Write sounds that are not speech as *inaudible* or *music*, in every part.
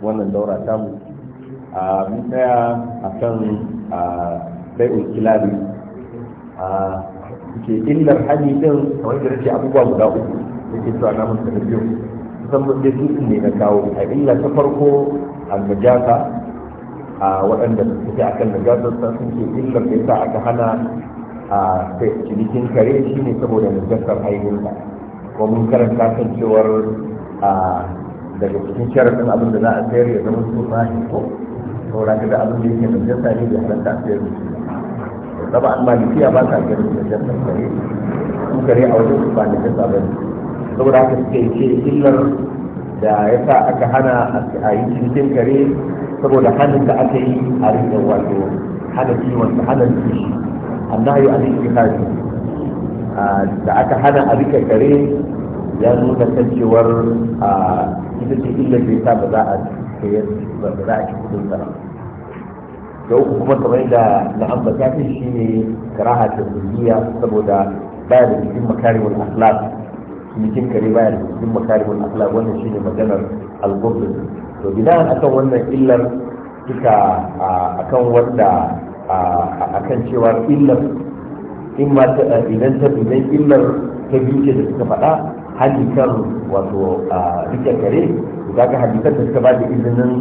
wannan daura tamu a tsaya a kan bai'ul kilabi a ke illar hali din da abubuwa guda uku da ke cewa na mutu da biyu kusan mun dai ne na kawo a illa ta farko a najasa a waɗanda suke akan najasar sun ke illar da yasa aka hana a cikin kare shi ne saboda najasar aibinsa ko mun karanta kan cewar daga cikin sharaɗin abin da za a sayar ya zama su ba shi ko saboda da abin da yake najasa ne da halatta a sayar da shi saba an malikiya ba sa ganin najasar kare su kare a wajen su ba najasa ba ne saboda haka suke ce illar da ya sa aka hana a yi cikin kare saboda hannun da aka yi a rikin wato hana kiwon hana kishi annahi an ittihad da aka hana a rike kare ya nuna kan cewar ita ce illar da ya ba za a sayar ba za a ci kudin sa da uku kuma kamar da na ambata shi shine karaha ta zuriya saboda baya da cikin makarimul akhlaq cikin kare baya da cikin makarimul akhlaq wannan shine maganar al-ghubb to gidan akan wannan illar kika akan wanda a kan cewa illar in ma idan ta idan illar ta biyu da suka faɗa hadisan wato a rike kare za ka hadisan da suka ba da izinin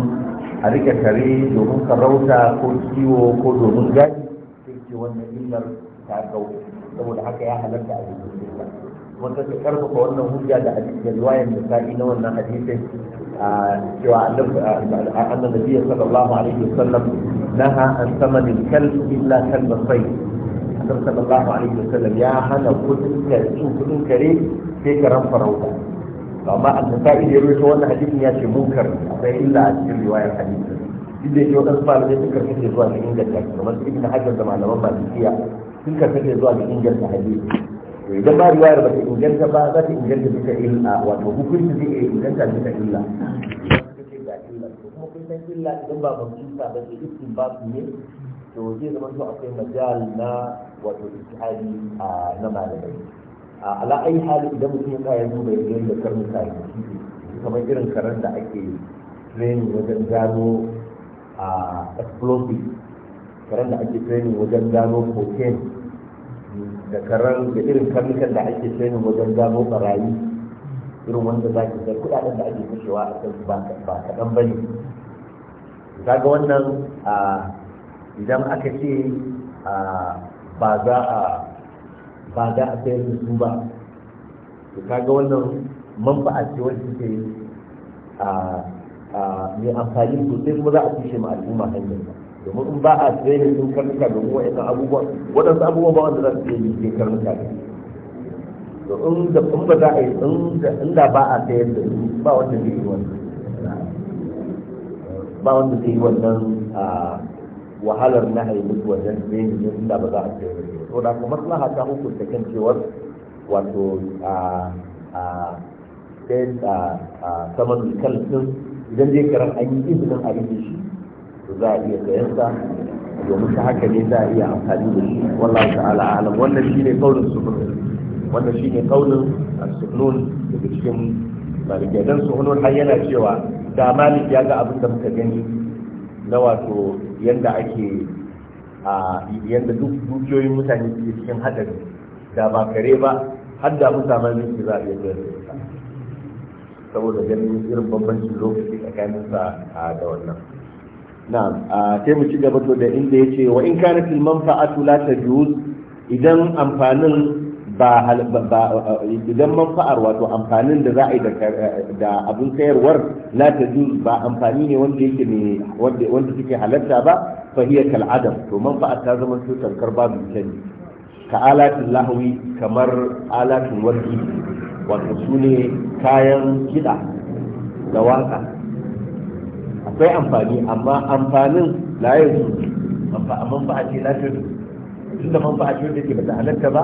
a rike kare domin karauta ko kiwo ko domin gadi sai ce wannan illar ta gau saboda haka ya halarta a jikin wanda ta karfafa wannan hujja da riwayan da sa'i na wannan hadisin cewa annan sallallahu alaihi wasallam naha an illa annabi sallallahu alaihi wasallam ya hana kudin kare kudin kare sai karan farauta amma ya wannan hadisin ya ce munkar sai illa a cikin duk da yake waɗansu malamai sun karfi zuwa kamar ibn hajar da malaman malikiya sun karfi zuwa hadisi to idan ba riwayar ba ta inganta ba za ta inganta bisa illa wato hukunci zai iya inganta bisa illa kuma kun san illa idan ba mamcisa ba ce iskin ba su ne to zai zama to akwai majal na wato a na malamai ala ai hali idan mutum ya kaya duba ya da karnuka ya kamar irin karen da ake training wajen gano explosive karen da ake training wajen gano cocaine da karan da irin karnukan da ake sainin wajen gano barayi irin wanda za ki sai kudaden da ake kashewa a kan ba kaɗan ba ne kaga wannan idan aka ce ba za a ba za a sayar da su ba to kaga wannan manfa'a ce wacce take a mai amfani sosai kuma za a tushe ma al'umma hanyar ba domin in ba a training sun karnuka domin ina abubuwan waɗansu abubuwan ba wanda za su yi cikin karnuka ne to in da in ba za a yi in da ba a sayar da su ba wanda zai yi wannan ba wanda zai yi wannan wahalar na a yi musu wannan training da ba za a sayar da su to da kuma suna ta hukunta kan cewar wato a a sayar da saman kalfin idan zai karar an yi izinin a rike shi za a iya sayansa domin ta haka ne za a iya amfani da shi wallahu ta'ala alam wannan shine kaulin sufnun wannan shine kaulin as-sufnun daga cikin malikiya dan sufnun har yana cewa da malik ya ga abin da muka gani na wato yanda ake a yanda duk dukiyoyin mutane ke cikin hadari da ba kare ba har da mutanen ne za a iya sayansa saboda ganin irin bambancin lokaci tsakaninsa da wannan na'am sai mu ci gaba to da inda yace wa in kanat al manfa'atu la tajuz idan amfanin ba idan manfa'ar wato amfanin da za a yi da abin sayarwar la ta ba amfani ne wanda yake ne wanda take halatta ba fa hiya kal adam to manfa'ar ta zama su tankar babu ita ne ka alatin lahawi kamar alatin warki wato su ne kayan kiɗa da waka akwai amfani amma amfanin la ya ba a ce lafiyar ta tun da a ce wanda ke bata halatta ba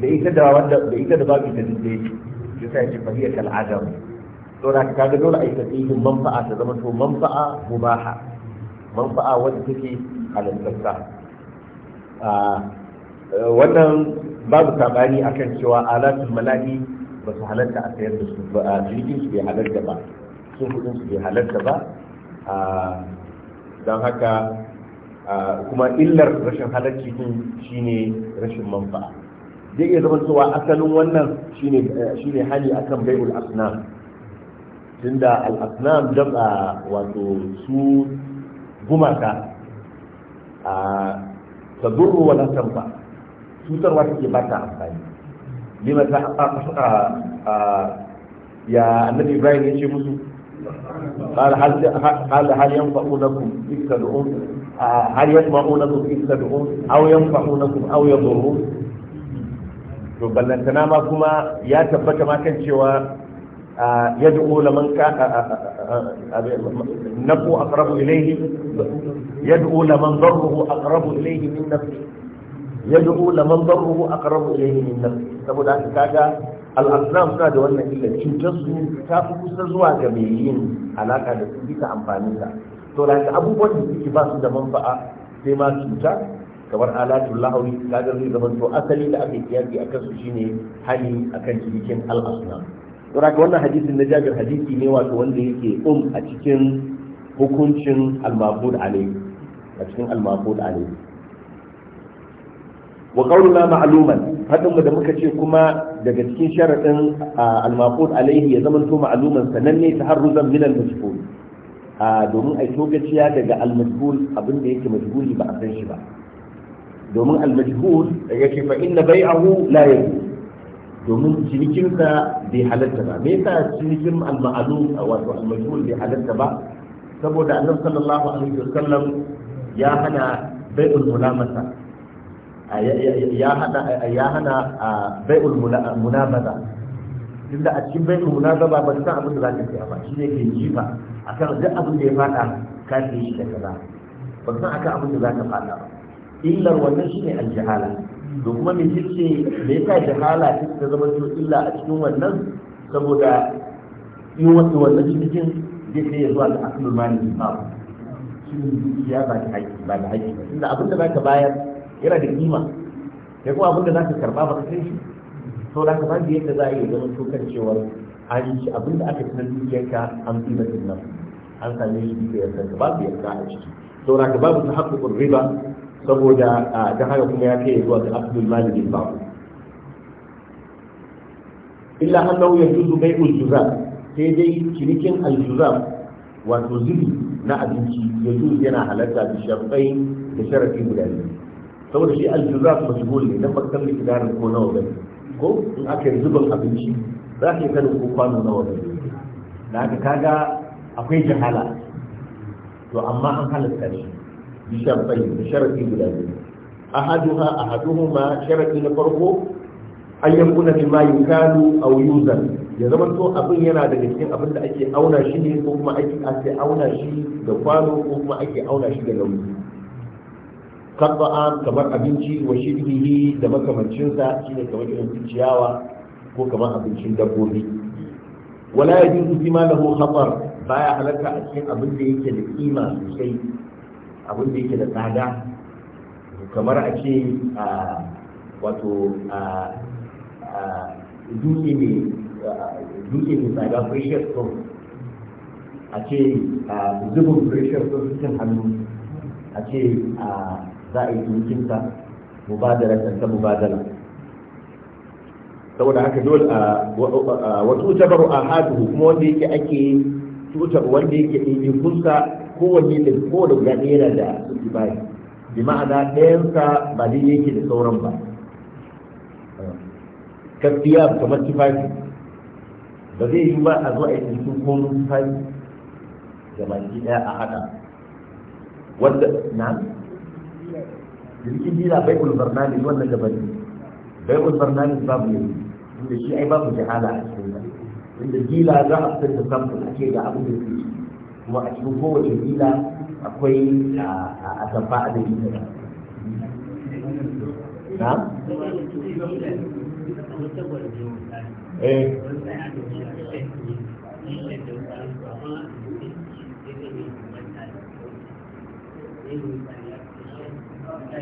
da ita da wanda da ita da babu ta dinde ya sa ce fa hiya kal adam to da ka ga dole ai tafiyin manfa'a ta zama to manfa'a mubaha manfa'a wanda take halatta wannan babu sabani akan cewa alatul malaki ba su halatta a sayar da su ba a jirgin su bai halatta ba sun kudin su bai halatta ba don haka kuma illar rashin halarci din shine rashin manfa'a zai iya zama cewa asalin wannan shine hali akan bai'ul asnam tunda al-asnam jam'a wato su gumaka a tadurru wala tanfa cutarwa take ba ta amfani lima ta ya annabi ibrahim ya ce musu قال هل هل ينفعونكم إذ هل يسمعونكم إذ تدعون أو ينفعونكم أو يضرون to ballantana ma kuma ya tabbata ma kan cewa ya du'u ka nafu aqrabu ilayhi yad'u laman darruhu aqrabu ilayhi min nafsi yad'u laman darruhu aqrabu ilayhi min nafsi saboda al'asnam suna da wannan illa cutar su ta fi kusa zuwa ga mai yin alaka da su bisa amfanin ta to da haka abubuwan da suke ba su da manfa'a sai ma cuta kamar alatul lahawi ga zai zama to asali da aka kiyasi a kansu shine hali akan cikin al'asnam to da wannan hadisin na jabir hadisi ne wato wanda yake um a cikin hukuncin al-mabud alayhi a cikin al alayhi wa qawluna ma'luman hadin mu da muka ce kuma daga cikin sharadin al-maqud alaihi ya zamanto ma'luman sananne taharruzan min al-majhul domin ai togaciya daga al-majhul abin da yake majhuli ba a san shi ba domin al-majhul yake fa bai bai'ahu la yajuz domin cinikinsa bai halatta ba me yasa cinikin al-ma'lum wato al bai halatta ba saboda annabi sallallahu alaihi wa sallam ya hana bai'ul mulamasa ya hana ya hana bai'ul munabaza tunda a cikin bai'ul munabaza ba san abin da za ka siya ba shi ne ke a kan duk abin da ya fada ka siya shi da kaza ba san kan abin da za ka fada ba illar wannan shi ne aljihala to kuma me ce me yasa jahala take ta zama to illa a cikin wannan saboda in wasu wannan cikin zai kai zuwa ga asalul ba shi dukiya ba da haƙƙi ba da haƙƙi ba tunda abin da za ka bayar yana da kima Ya kuma abin da za ka karba ba ka kai shi to da ka ba da yadda za a yi zama to kan cewa an ci abin da aka tunan dukiyarka an fi na tunan an same shi yadda ka ba babu yadda a ciki to da ka babu ta haƙƙoƙin riba saboda ta haka kuma ya kai zuwa ga abdul malik bin babu illa annahu yajuzu bai'ul juzam sai dai cinikin aljuzam wato zubi na abinci yajuzu yana halatta da sharfai da sharafi guda biyu saboda shi aljuzat majhul ne dan bakkan likidarin ko nawa gani ko in aka yi zubin abinci za ka yi kanin ko kwano nawa gani da aka kaga akwai jahala to amma an halatta shi bi sharfai da sharafi guda biyu ahaduha ma sharafi na farko an yankuna min ma yukalu aw yuzan ya zama to abin yana daga cikin abin da ake auna shi ne ko kuma ake auna shi da kwano ko kuma ake auna shi da nauyi kadda'an kamar abinci wa shirbihi da makamancinsa ne kamar irin ciyawa ko kamar abincin dabbobi wala yajuzu kusi ma lahu khatar baya halarta a cikin abin da yake da kima sosai abin da yake da tsada kamar a ce wato dutse ne dutse ne tsada precious stone a ce zubin precious stone cikin hannu a ce za a yi cinikinsa mubadara ta mubadara saboda haka dole a wasu jabaru a hadu kuma wanda yake ake tuta wanda yake ɗin fuska wani da kowane guda ɗaya da suke bayi bi ma'ana ɗayansa ba dai yake da sauran ba gaskiya ta tufafi ba zai yi ba a zo a yi cikin ko tufafi ga baki ɗaya a haɗa wanda na jirgin dina bai ulbarnanis wannan daban ne bai ulbarnanis babu ne inda shi ai babu jahala a cikin nan inda gila za a fitar da samfur ake ga abin da ke kuma a cikin kowace gila akwai a tabba a da gila na? eh to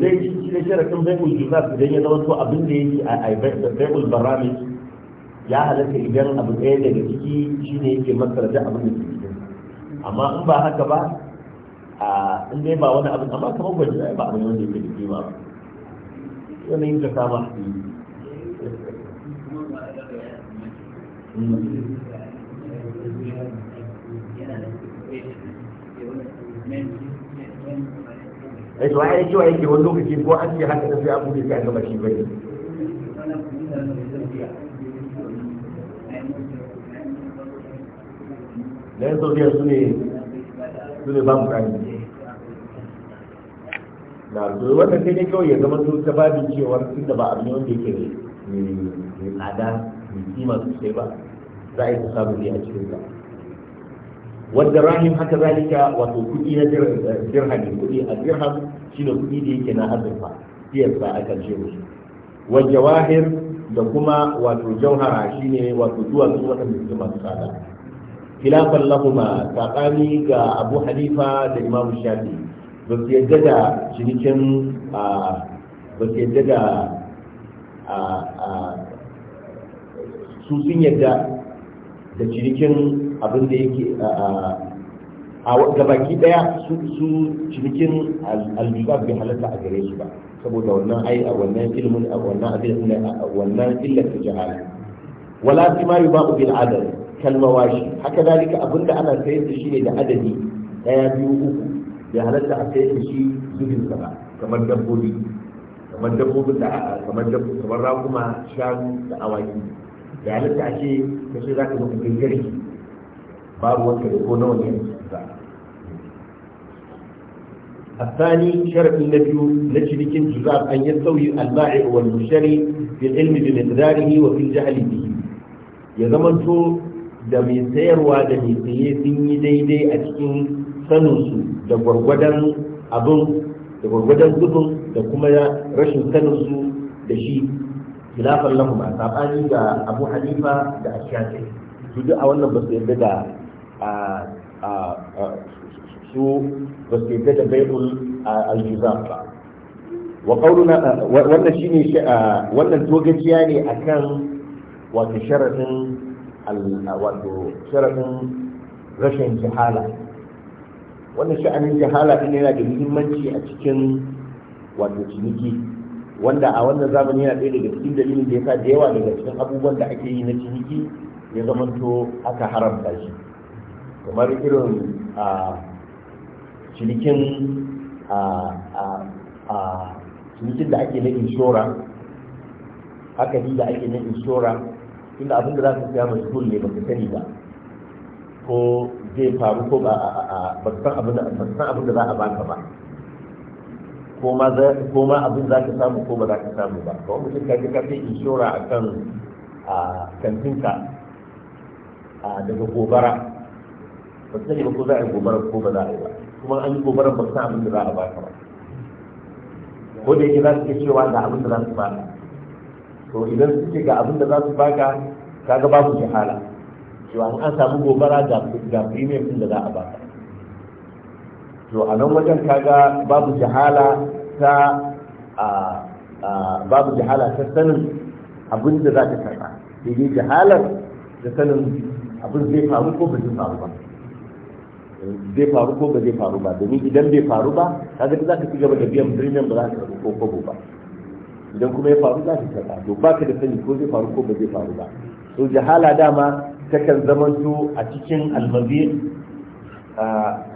dai shi ne sharakin baibul juzaf idan ya zama to abin da a baibul barami ya halatta idan abu ɗaya daga ciki shi ne yake abin da ke cikin amma in ba haka ba a in dai ba wani abin amma kamar ba abin wanda yake da kima ba yanayin jaka ba ai to ai cewa yake wani lokaci ko an ce haka sai abu ne sai an gaba shi bai dan saudiya su ne su ne ba mu kani na to wannan sai dai kawai ya zama to ta babin cewa tun da ba abu ne wanda yake mai tsada mai kima sosai ba za a yi samun ne a cikin ka. wadda rahim haka zalika wato kuɗi na eh, dirhami kuɗi a dirham shine kuɗi da yake na azurfa siyarsa a karshe musu wa wahir da kuma wato jauhara shine wato duwatsu waɗanda suke masu tsada khilafan lahuma tsakani ga abu hanifa da imam shafi'i ba su yadda da cinikin ba su yadda da su sun yadda da cinikin abin da yake a baki daya su cinikin aljuba bai halatta a gare su ba saboda wannan ai a wannan ilimin a wannan abin a wannan illa ta jahala wala fi ma yuba bil adad kalmawashi haka dalika abinda ana sayar da shi ne da adadi daya biyu uku bai halatta a kai shi zubin sa ba kamar dabbobi kamar dabbobin da kamar dabbobi kamar raguma shanu da awaki bai halatta a ce ka ce za ka zo kai garki babu wanda da ko nawa ne ba الثاني شرط النبي لشرك جزاء أن يستوي البائع والمشتري في العلم بمقداره وفي الجهل به ya zamanto da mai sayarwa da mai saye sun yi daidai a cikin saninsu da gwargwadon abin da gwargwadon zubin da kuma rashin sanin su da shi khilafan lahu ba sabani da Abu halifa da Ashafi su duk a wannan ba su yarda da su ba su yarda da bai'ul al ba wa qauluna wannan shine wannan togaciya ne akan wato sharadin wato sharafin rashin jihala wannan sha'anin jahala din yana da muhimmanci a cikin wato ciniki wanda a wannan zamani yana ɗaya daga cikin dalilin da yasa da yawa daga cikin abubuwan da ake yi na ciniki ya zamanto aka haramta shi kamar irin a cinikin a a cinikin da ake na inshora haka da ake na inshora inda abin da za ka siya mai ne ba ka sani ba ko zai faru ko ba a san abin da za a baka ba ko ma abin za ka samu ko ba za ka samu ba kawai mutum ka ka kafin inshora a kan kantinka daga gobara ba su ba ko za a yi gobara ko ba za a yi ba kuma an yi gobara ba san abin da za a baka ba ko da yake za su ke cewa ga abin da za su baka to idan suke ga abin da za su baka kaga babu shahala. cewa an samu gobara ga premium din da za a ba ka. to a nan wajen kaga babu jahala ta babu jahala ta sanin abin da za ka karba sai dai jahalar da sanin abin zai faru ko ba zai faru ba zai faru ko ba zai faru ba domin idan bai faru ba kaga za ka ci gaba da biyan premium ba za ka karɓi ko kobo ba idan kuma ya faru za ka karɓa to ka da sani ko zai faru ko ba zai faru ba To jahala dama takan zamanto a cikin almazi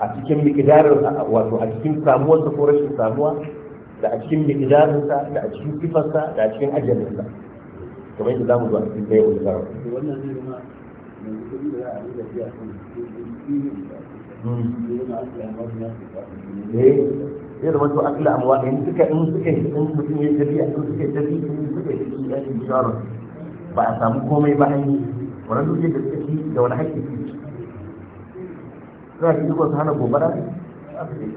a cikin mikidarin wato a cikin samuwarsa ko rashin samuwa da a cikin mikidarinsa da a cikin sifarsa da a cikin ajalinsa kamar yadda zamu zo a cikin bayan wani zarafi zai zama to akila amma in suka in suka in mutum ya tafiya in suka tafi in suka yi shi ba a samu komai ba hanyar wannan dukiyar da suka da wani haƙƙi su ci suna da duk su hana gobara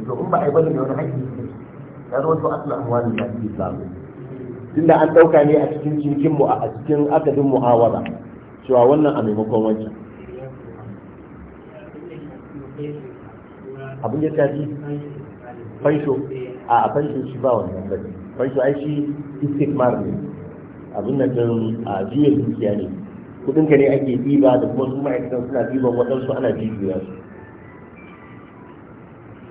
to in ba a yi bane da wani haƙƙi su ci ya zama to asali amwani da ake samu tunda an ɗauka ne a cikin cikin mu a cikin akadin muhawara cewa wannan a maimakon wancan abin ya tafi fansho a fansho shi ba wannan bane fansho ai shi istikmar ne abin da a biyan dukiya ne kudin ka ne ake diba da kuma su ma'aikatan suna diban waɗansu ana jijiya su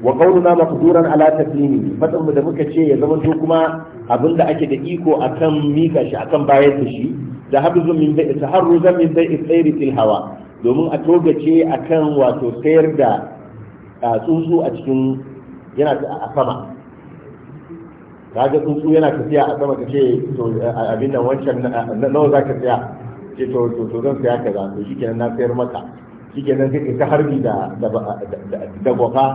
wa qawluna maqduran ala taslimi fatan da muka ce ya zama to kuma abinda ake da iko akan mika shi akan bayar da shi da habzun min bai'i taharruzan min bai tsairi fil hawa domin a togace akan wato sayar da tsuntsu a cikin yana a sama kaga tsuntsu yana tafiya a sama kace to abin nan wancan nawa zaka tsaya ce to to to zan saya kaza to kenan na sayar maka kenan sai ta harbi da da goka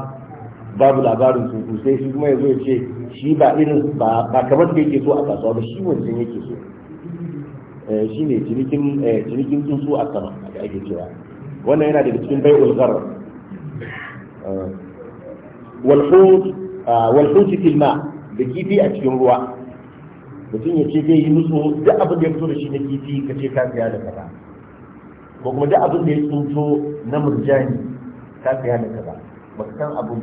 babu labarin su sai shi kuma yazo ya ce shi ba irin ba ba kamar da yake so a kasuwa ba shi wancan yake so eh, shi ne cinikin eh, cinikin tsuntsu a sama da ake cewa wannan yana daga cikin bai ulgar eh, wal hut ah, wal fil ma da kifi a cikin ruwa mutum ya ce zai yi musu duk abin da ya fito da shi na kifi ka ce ka siya da kaza ko kuma duk abin da ya tsinto na murjani ka siya da kaza ba san abu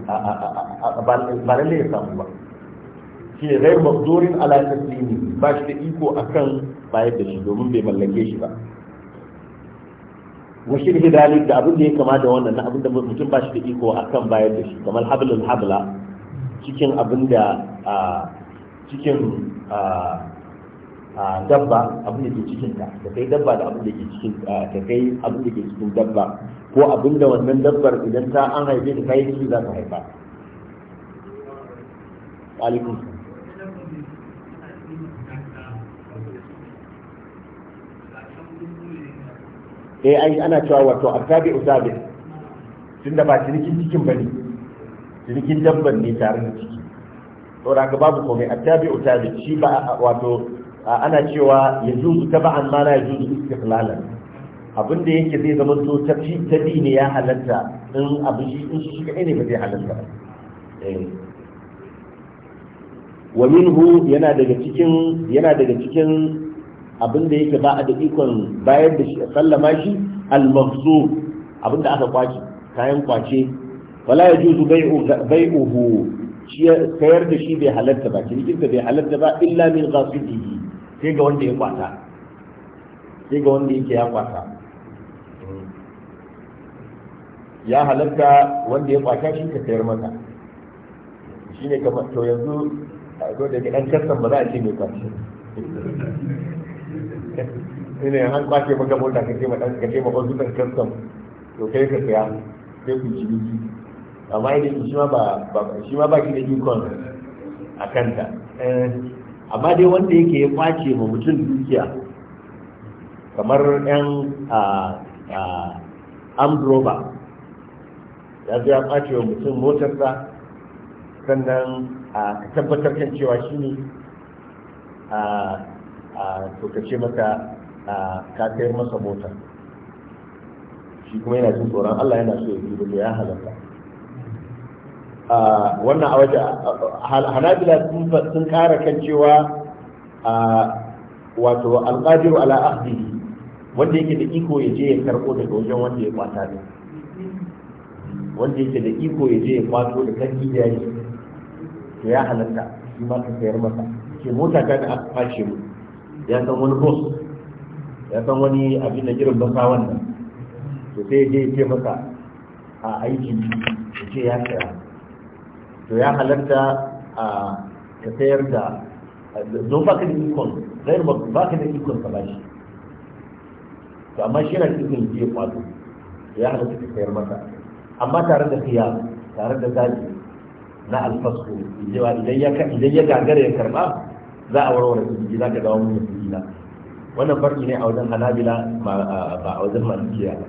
ba lalle ya samu ba shi ne rai mazdorin alakar taslimi ba shi da iko akan bayar da shi domin bai mallake shi ba Wasu shirhi da abin da ya kama da wannan na abin da mutum ba shi da iko akan bayar da shi kamar hablul habla cikin abin da cikin dabba abin da ke cikin ta da kai dabba da abin da ke cikin ta kai abin da ke cikin dabba ko abin da wannan dabbar idan ta an haife ta kai shi za ta haifa alaikum eh ai ana cewa wato attabi usabi tunda ba cinikin cikin bane cinikin dabban ne tare da ciki saboda haka babu komai a tabi shi ba wato ana cewa ta ba'an ma Yanzu iska istiqlalan abin da yake zai zama to fi ta dini ya halatta in abin shi in shi shiga ne ba zai halatta ba eh. wa minhu yana daga cikin yana daga cikin abin da yake ba a da ikon bayar da shi sallama shi al-mafzu abin da aka kwace kayan kwace wala yajuzu bai'u bai'uhu sayar da shi bai halatta ba cinikinsa bai halatta ba illa min ghasibihi sai ga wanda ya kwata sai ga wanda yake ya kwata ya halatta wanda ya kwata shi ka sayar masa shine kamar to yanzu a zo daga ɗan kasan ba za a ce mai kwace ne an kwace maka mota ka ce ma ɗan ka ce ma wasu ɗan kasan to kai ka saya sai ku ciniki amma idan shi ma ba shi ma ba ki da ikon a kanta eh, amma dai wanda yake ya kwace ma mutum dukiya kamar yan amdroba ya zai ya kwace wa mutum motarsa sannan a tabbatar kan cewa shi ne a tokace masa ka kai masa mota shi kuma yana jin tsoron Allah yana so ya ya halatta wannan a waje hanabila sun kara kan cewa wato alƙadiru ala ahdihi wanda yake da iko ya je ya karɓo daga wajen wanda ya kwata ne wanda yake da iko ya je ya kwato da kan iyaye to ya halatta shi ma ka sayar masa ke mota ta da aka fashe mu ya san wani boss ya san wani abin da jirin basa wannan to sai ya je ya ce masa a aiki ya ce ya kira to ya halatta a ka sayar da don baka da ikon zai baka da ikon ka bashi to amma shi yana ikon je kwato ya halatta ka sayar masa amma tare da fiya tare da zaji na alfasko idan ya gagara ya karba za a warware su za ka dawo mun yi wannan farki ne a wajen halabila ba a wajen malikiya ba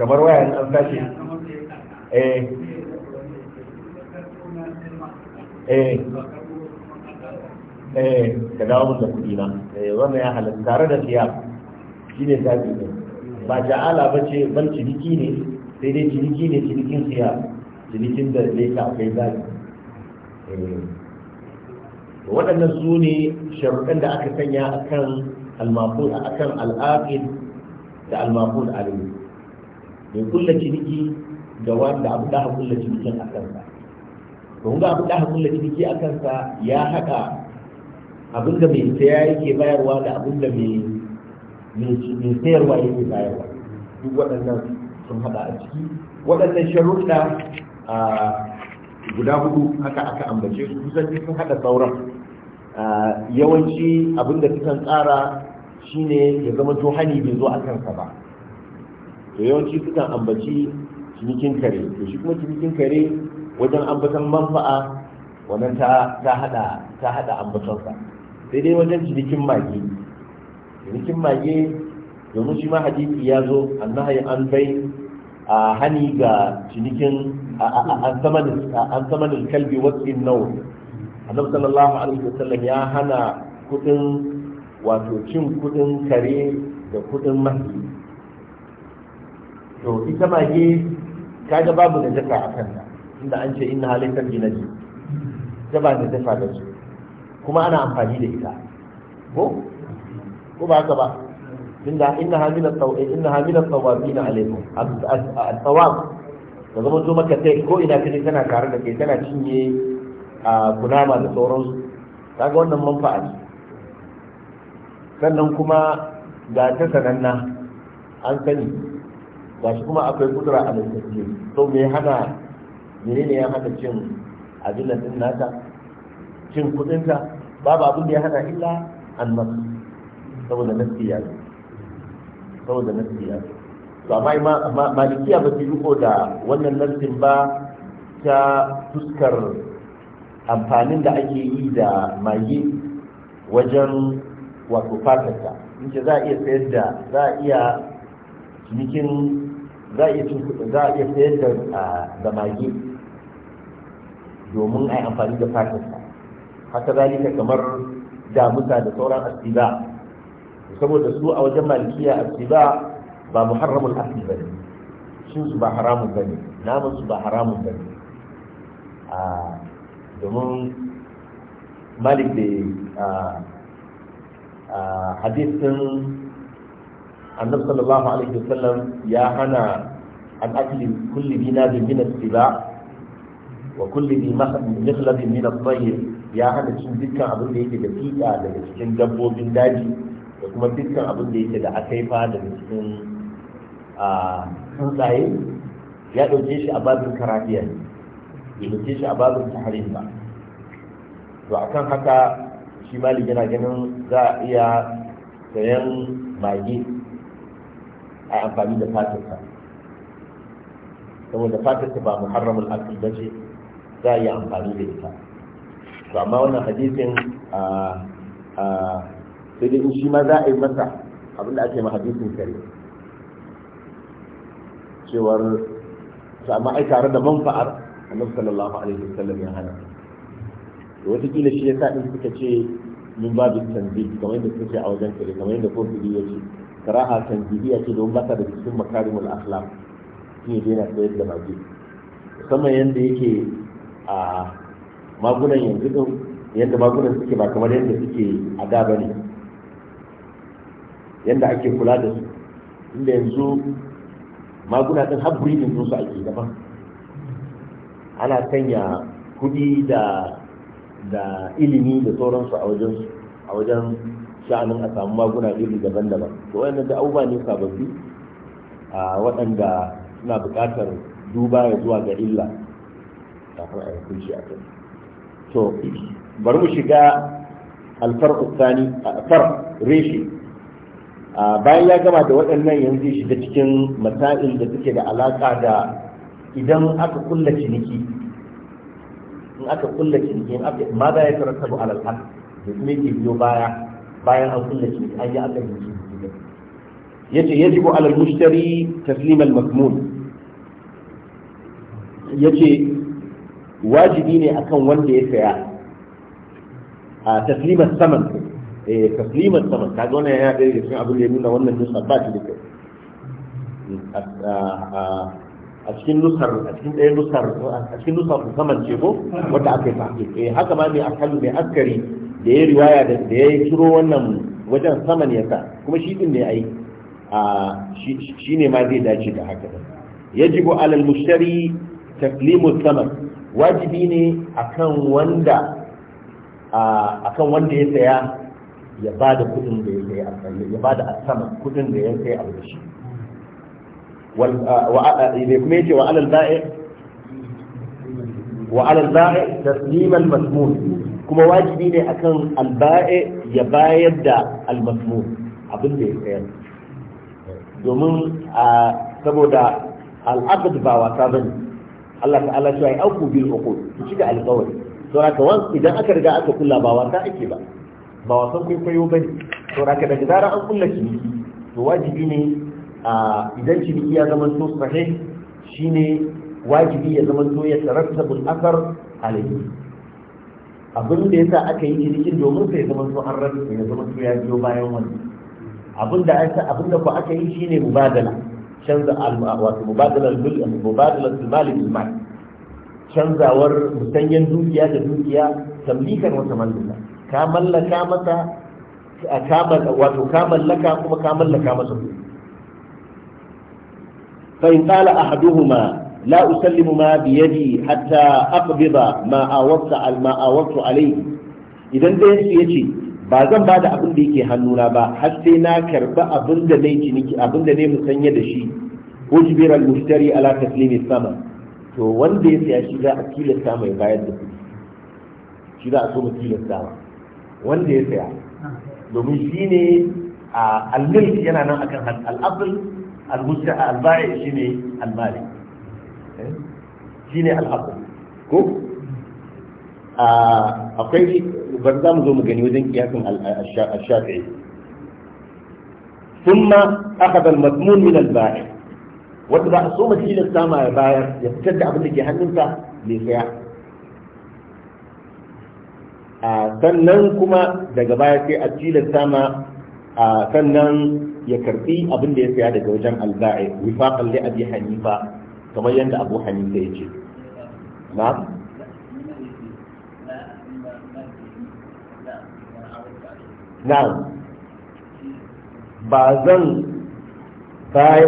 kamar waya an tashi eh Eh. eh ka dawo mun da kuɗi na eh wannan ya halatta tare da siya shine sabi ne ba ja'ala ba ce ban ciniki ne sai dai ciniki ne cinikin siya cinikin da zai ka akwai zabi eh. waɗannan su ne sharuɗan da aka sanya akan kan almafun a da almafun alimi mai kulla ciniki da wanda abu da kulla cinikin akan. kansa don ga abin da aka kulla ciniki a kansa ya haɗa abin da mai saya yake bayarwa da abin da mai sayarwa yake bayarwa duk waɗannan sun haɗa a ciki waɗannan sharuɗa a guda hudu haka aka ambace su kusan sun haɗa sauran yawanci abin da sukan tsara shine ya zama to hani bai zo a kansa ba to yawanci sukan ambaci cinikin kare to shi kuma cinikin kare wajen ambatan manfa'a wannan ta ta hada ta hada ambatonsa sai dai wajen cinikin mage cinikin mage domin shi ma hadisi ya zo annahi an bai a hani ga cinikin an samanin kalbi wasin nau annabi sallallahu alaihi wasallam ya hana kudin wato cin kudin kare da kudin mahi to ita mage kaga babu da jaka a kanta inda an ce inna halittar jinati jaba da dafa da su kuma ana amfani da ita ko ko ba eh, ka ba inda inna hamilat tawai inna hamilat tawabin alaikum at-tawab da zama zo maka sai ko ina kaje tana kare da kai tana cinye a kunama da sauran su kaga wannan manfa'a ne sannan kuma ga ta sananna an sani ga shi kuma akwai kudura a lantarki to me hana ne ya haka cin abin din nata cin kudinta babu abin da ya hana illa annas saboda nasiya ne saboda nasiya ne to amma malikiya ba su riko da wannan nasin ba ta fuskar amfanin da ake yi da maye wajen wato fatarta in ce za a iya sayar da za a iya cinikin za a iya sayar da ah, mage domin a yi amfani da fatinsa haka zalika kamar damusa da sauran asiba saboda su a wajen malikiya asiba ba muharramul asli bane shin su ba haramun ba ne, namun su ba haramun ba ne. domin malik da hadisin annabi sallallahu alaihi wasallam ya hana an akli kulli binadin min asiba wa kulli bi makhlab min at-tayr ya hana cikin dukkan abin da yake da fiƙa daga cikin dabbobin daji da kuma dukkan abin da yake da akaifa daga cikin tsuntsaye ya ɗauke shi a babin karafiyar ya ɗauke shi a babin taharin ba to akan haka shi mali yana ganin za a iya sayan mage a amfani da fatarsa saboda fatarsa ba muharramul akil ba ce za a yi amfani da ita to amma wannan hadisin a a sai dai shi ma za a yi masa abin da ake ma hadisin kare cewar to amma ai tare da manfa'ar annabi sallallahu alaihi wasallam ya hana to wata kila shi yasa din suka ce min babu tanzih kamar yadda suka ce a wajen kare kamar yadda ko ya ce karaha tanzihiyya ce don ba ta da cikin makarimul akhlaq shi ne yana koyar da baki musamman yadda yake a magunan yanzu din yadda magunan suke ba kamar yadda suke a da bane yadda ake kula da su inda yanzu maguna din har breeding din su ake daban ana sanya kudi da da ilimi da sauransu a wajen a wajen sha'anin a samu maguna iri daban-daban to wayannan da abubuwa ne sababbi a waɗanda suna buƙatar duba ya zuwa ga illa kafin a hukunci a kai to bari mu shiga alfar ustani alfar reshi bayan ya gama da waɗannan yanzu shiga cikin masail da suke da alaƙa da idan aka kulla ciniki in aka kulla ciniki in aka ma za ya tarattabu alal haq da kuma yake biyo baya bayan an kulla ciniki an yi aka yi ciniki yace yajibu alal mushtari taslim al mazmun yace wajibi ne akan wanda ya saya a taslimar saman eh taslimar saman kaga wannan yana da cikin abin da ya nuna wannan nusa ba shi da kyau a cikin nusar a cikin ɗaya nusar a cikin nusar saman ce ko wanda aka yi fahimci eh haka ma mai akalu mai askari da ya riwaya da ya yi ciro wannan wajen saman ya sa kuma shi din ne ai shi ne ma zai dace da haka yajibu alal mushtari taslimu saman wajibi ne akan wanda akan wanda ya saya ya ba da kudin da ya saya ya ba da asama kudin da ya saya abu da shi ne kuma yace wa alal ba'i wa alal ba'i taslim al masmun kuma wajibi ne akan al ba'i ya bayar da al masmun abin da ya sayar domin saboda al aqd ba wasa bane Allah ta'ala cewa ya auku bil uqud ku cika alƙawari saboda wan idan aka riga aka kulla ba wasa ake ba ba wasan kwaikwayo bane saboda ka daga zara an kulla ciniki to wajibi ne a idan ciniki ya zama to sahih shine wajibi ya zama to ya tarattabu al-athar alayhi abin da yasa aka yi cinikin domin sai zama to an rabu ya zama to ya biyo bayan wani. abin da aka abin da ko aka yi shine mubadala canza wato mubadalar mubadalar mali bil mal canzawar musanyen dukiya da dukiya tamlikan wata mallaka ka mallaka masa wato ka mallaka kuma ka mallaka masa kuɗi fa in qala ahaduhuma la usallimu ma bi yadi hatta aqbida ma awata al ma awatu alayhi idan dai su yace ba zan ba da abin da yake hannuna ba har sai na karba abin da nayi ciniki abin da mu musanya da shi wujbir al-mushtari ala taslimi sama to wanda ya saya shi za a tilasta mai bayar da kuɗi shi za a so mu tilasta wanda ya saya domin shi ne al-milk yana nan akan al-abl al-musta'a al-ba'i shine al mali eh? shine al-abl ko akwai bar za mu zo mu gani wajen kiyasin al-shafi'i thumma akhadha al-madmun min al-ba'i wanda ba a so mace da sama ya bayar ya fitar da abin da ke hannunsa mai saya a sannan kuma daga baya sai a tilasta sama a sannan ya karbi abin da ya saya daga wajen al-ba'i wifaqan li abi hanifa kamar yadda abu hanifa ya ce na'am na'am ba zan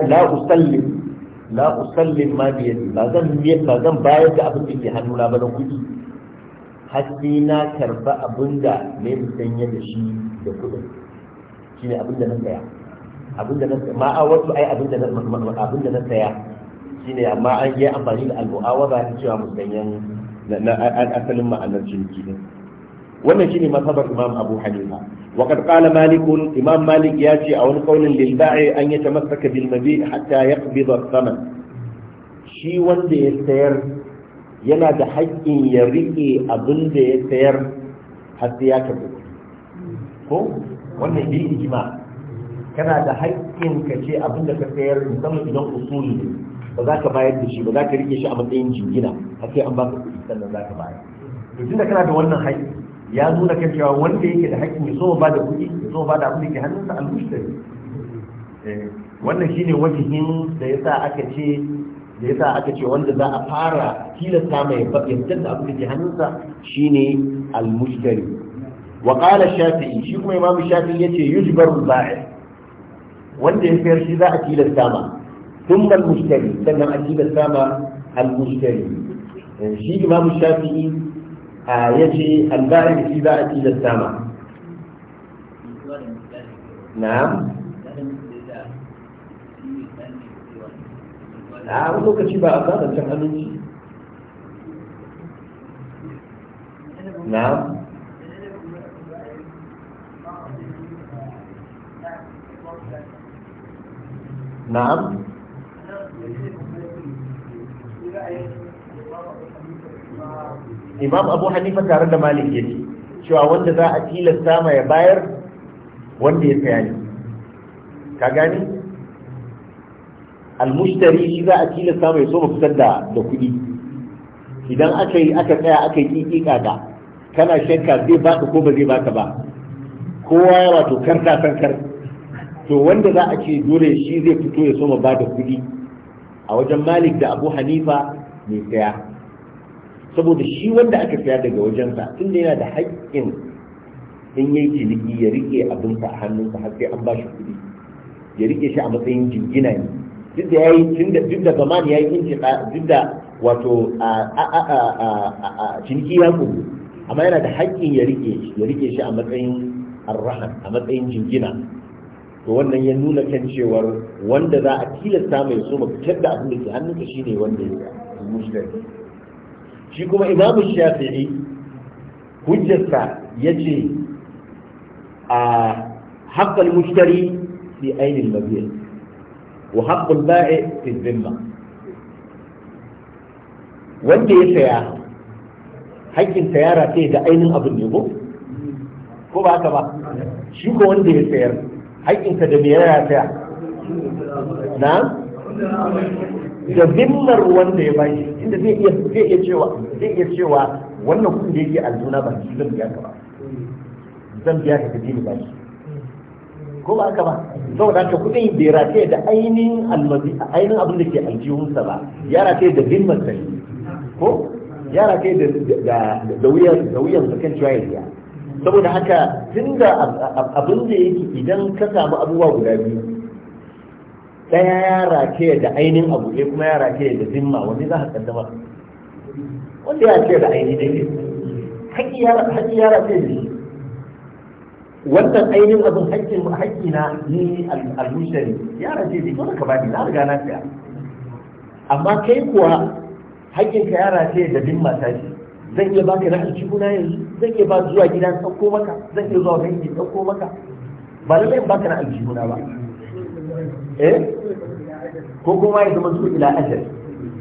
la usallim la usallim ma bi yadi ba zan ba zan bayar da abin da ke hannuna ba na kudi har sai na karba abin da ne musanya da shi da kuɗin shine abin da na saya abin da na saya ma a wasu ai abin da na abin da na saya shine amma an yi amfani da al-mu'awara cewa musanyan na asalin ma'anar jinki din wannan shine mazhabar imam abu hanifa wa qad qala malik imam malik ya ce a wani kaulin lil ba'i an yatamassaka bil mabi hatta yaqbid as-saman shi wanda ya sayar yana da haƙƙin ya rike abin da ya sayar har sai ya karbi ko wannan bil ijma kana da haƙƙin ka ce abin da ka sayar musamman idan usuli ne ba za ka bayar da shi ba za ka rike shi a matsayin jingina har sai an baka kuɗi sannan za ka bayar to tunda kana da wannan haƙƙi ya nuna kan cewa wanda yake da hakkin ya so ba da kuɗi ya so ba da abin da ke hannunsa al-mushtari eh, wannan shine wajihin da sa aka ce da ya sa aka ce wanda za a fara tilasta mai yadda da abin da ke hannunsa shine al-mushtari wa qala shafi'i shi kuma imam shafi'i yace yujbaru ba'i wanda ya sayar shi za a tilasta ma thumma al-mushtari sannan a tilasta ma al-mushtari eh, shi imam shafi'i ya ce albarin shi za a tilasta sama. na a wani lokaci ba a zanen aminci na na'am na'am imam abu hanifa tare da malik ya ce cewa wanda za a tilasta ma ya bayar wanda ya saya ne ka gani almushtari shi za a tilasta mai so ma da da kuɗi idan aka yi aka tsaya aka yi kikika ga kana shakka zai baka ko ba zai baka ba kowa ya wato karta san kar to wanda za a ce dole shi zai fito ya so ma da kuɗi a wajen malik da abu hanifa mai saya saboda shi wanda aka siya daga wajensa inda yana da haƙƙin in yi ciniki ya rike abinsa a hannunsa har sai an ba shi kuɗi ya rike shi a matsayin jingina ne duk da yayi duk da zamani yayi ce duk da wato a ciniki ya kuɗi amma yana da haƙƙin ya rike shi ya rike shi a matsayin arrahan a matsayin jingina to wannan ya nuna kan cewar wanda za a tilasta mai so fitar da abin da ke hannunsa shine wanda ya mushtari shi kuma imamu shafi'i hujjarsa ya ce a haƙƙal mushtari fi ainihin mabiya wa haƙƙul ba'i fi zimma wanda ya saya haƙƙin sayara sai da ainihin abin ne ko ba haka ba shi ko wanda ya sayar haƙƙinsa da me ya saya na da billar wanda ya bashi inda zai iya zai iya cewa zai iya cewa wannan kuɗin da yake aljuna ba shi zan biya ka ba zan biya ka kaji ba shi. ko ba haka ba saboda haka kuɗin bai rataye da ainihin almazi ainihin abin da ke aljihunsa ba ya rataye da billar sa ko ya rataye da da wuyan da wuyan sa kan cewa ya saboda haka tunda abin da yake idan ka samu abubuwa guda biyu ɗaya ya rake da ainihin abu ne kuma ya rake da zimma wani za a kaddama wanda ya ce da ainihin ne haƙi ya rake da shi wannan ainihin abin haƙƙi na ni al-mushari ya rake da dole ka bani na riga na fiya amma kai kuwa haƙƙinka ya rake da zimma ta shi zan iya baka na alci guna yanzu zan iya ba zuwa gida ɗauko maka zan iya zuwa banki ɗauko maka ba lallai baka na alci guna ba eh ko kuma ya zama su ila ajal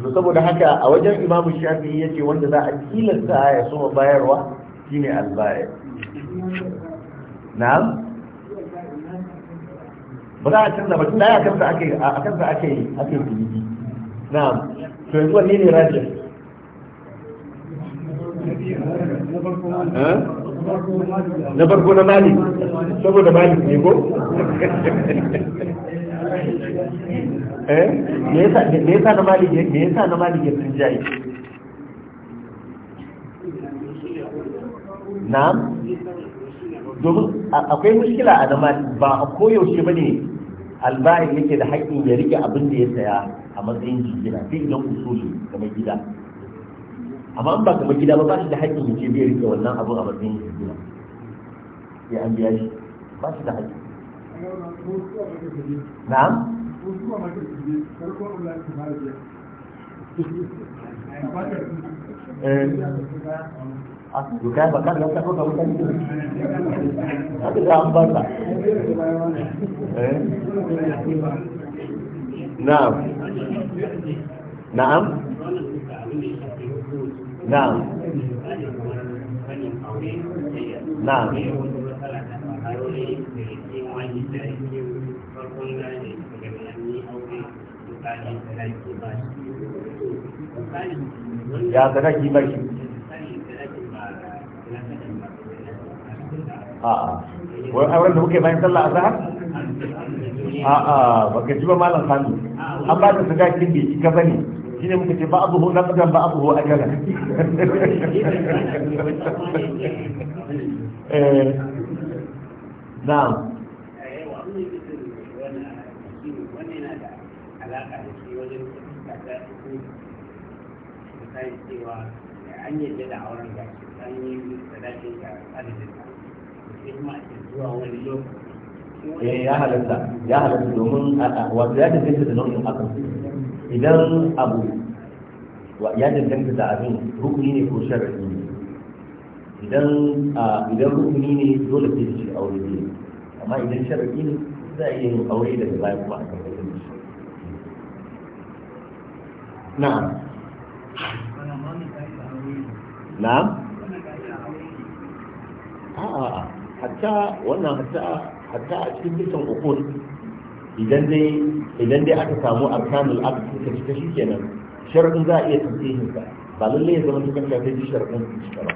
to saboda haka a wajen imamu ya yace wanda za a tilasta ya soma bayarwa shine albayar na'am ba za a canza ba da a kansa ake a kansa ake ake tilidi na'am to yanzu wanne ne rajin eh? na farko na mali saboda mali ne ko *laughs* Eh? me yasa me na malik me yasa na malik ya rinjaye na'am domin akwai mushkila a zama ba a koyaushe ba ne albayin yake da haƙƙin ya rike abin da ya saya a matsayin jingina sai idan usuli kamar gida amma an ba kama gida ba ba shi da haƙƙin ya ce bai rike wannan abin a matsayin jingina sai an biya shi ba shi da haƙƙi na'am Duka bakar da ta Na'am. Na'am. Na'am. Na'am. da ya ga nake ba shi a'a wai auren da kuke bayan sallah azhar a'a baka ji ba malam sami an ba ka saka kin bi ka bane shine muka ce ba na naqdan ba a ajalan *laughs* eh na'am alaƙa da shi wajen fuska ta uku misali cewa an yadda da auren da ga an yi sadakin ga adadin ta sai kuma a zuwa wani lokaci eh ya halatta ya halatta domin wato ya tafi da nau'in abu idan abu ya danganta da abin rukuni ne ko sharadi ne idan idan rukuni ne dole sai da shi aure ne amma idan sharadi ne za a iya yin aure daga baya kuma a kan na'am na'am a'a hatta wannan hatta hatta a cikin dukkan ukun idan dai idan dai aka samu arkanul abd ta cika shi kenan sharadin za a iya tantance sa ba lalle ya zama cikin shafi shi sharadin cika ba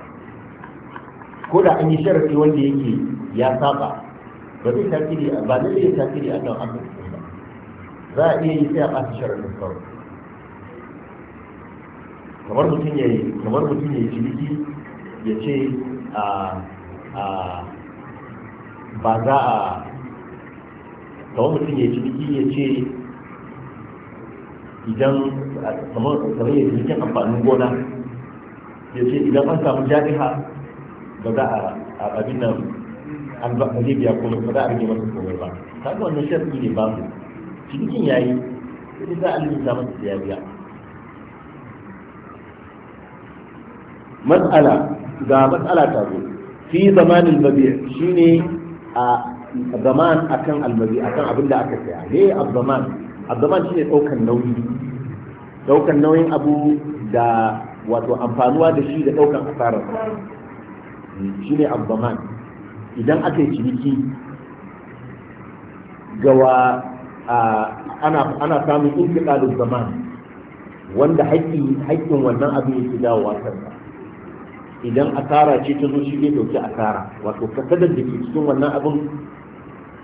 ko da an yi sharadi wanda yake ya saba ba zai tasiri ba lalle ya tasiri a kan abd ba za a iya yi sai a ɓata sharadin kawai kamar mutum ya yi kamar mutum ya yi ciniki ya ce a a ba za a kamar mutum ya yi ciniki ya ce idan kamar ya yi cikin amfanin gona ya ce idan an samu jami'a ba za a abin nan an ba a zai biya kuma ba za a rage masu komai ba ta ga wannan sharfi ne ba mu cikin yayi sai za a lissa masa ya biya matsala ga matsala ta zo fi zamanin mabiya shine a zaman akan almabi akan abin da aka saya ne abzaman abzaman shine daukan nauyi daukan nauyin abu da wato amfanuwa da shi da daukan asarar shine abzaman idan aka yi ciniki gawa ana ana samun intiqalul zaman wanda haƙƙin wannan abin yake dawowa kansa idan asara ce ta zo shi zai dauki asara wato kasadar da ke cikin wannan abin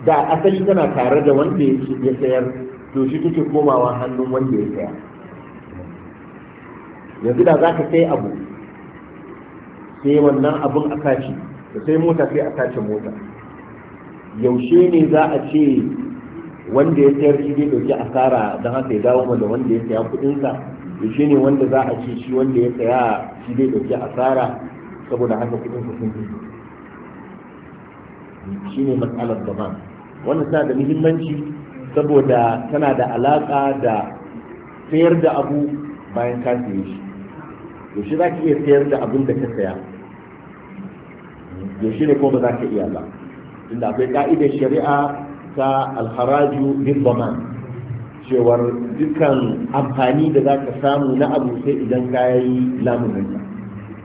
da asali tana tare da wanda ya sayar to shi take komawa hannun wanda ya saya yanzu da za ka sai abu sai wannan abin a kaci da sai mota sai a kace mota yaushe ne za a ce wanda ya sayar shi zai dauki asara don haka ya dawo da wanda ya saya kudinsa yaushe ne wanda za a ce shi wanda ya saya shi zai dauki asara saboda haka kudin ku sun shi ne matsalar zaman wannan tana da muhimmanci saboda tana da alaƙa da sayar da abu bayan ka siye shi yaushe za ka iya sayar da abin da ka saya yaushe ne kuma ba za ka iya ba inda akwai ka'idar shari'a ta alharaju bin Baman, cewar dukkan amfani da za ka samu na abu sai idan ka yi lamuninsa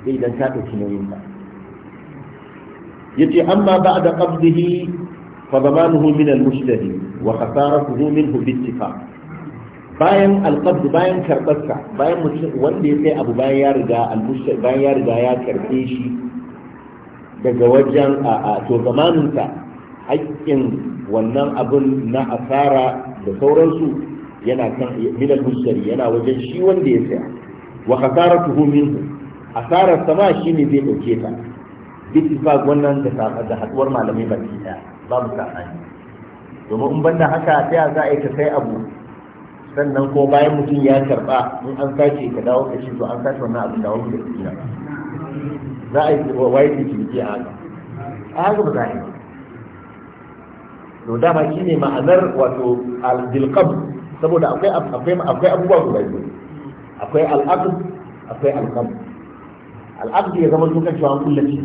sai eh, idan ta ɗauki nauyin ka yace amma ba da qabdihi fa zamanuhu min al-mushtari wa khasaratuhu minhu bi ittifaq bayan al alqabd bayan karbarsa bayan mutum wanda ya sai abu bayan ya riga al-mushtari bayan ya riga ya karbe shi daga wajen a to zamaninsa haƙƙin wannan abun na asara da sauransu yana kan al mushtari yana wajen shi wanda ya saya wa khasaratuhu minhu asarar sama shi ne zai ɗauke ta ba wannan da haɗuwar malamai baki ɗaya babu saɓani domin in banda haka ta za a yi ka sai abu sannan ko bayan mutum ya karɓa in an sace ka dawo ka ce to an sace wannan abu dawo da na za a yi waye da ciniki a haka a haka ba za a yi to dama shi ne ma'anar wato al-dilqab saboda akwai akwai abubuwa guda biyu akwai al-aqd akwai al-qabd العبد يزعم أن كشوا عن كل شيء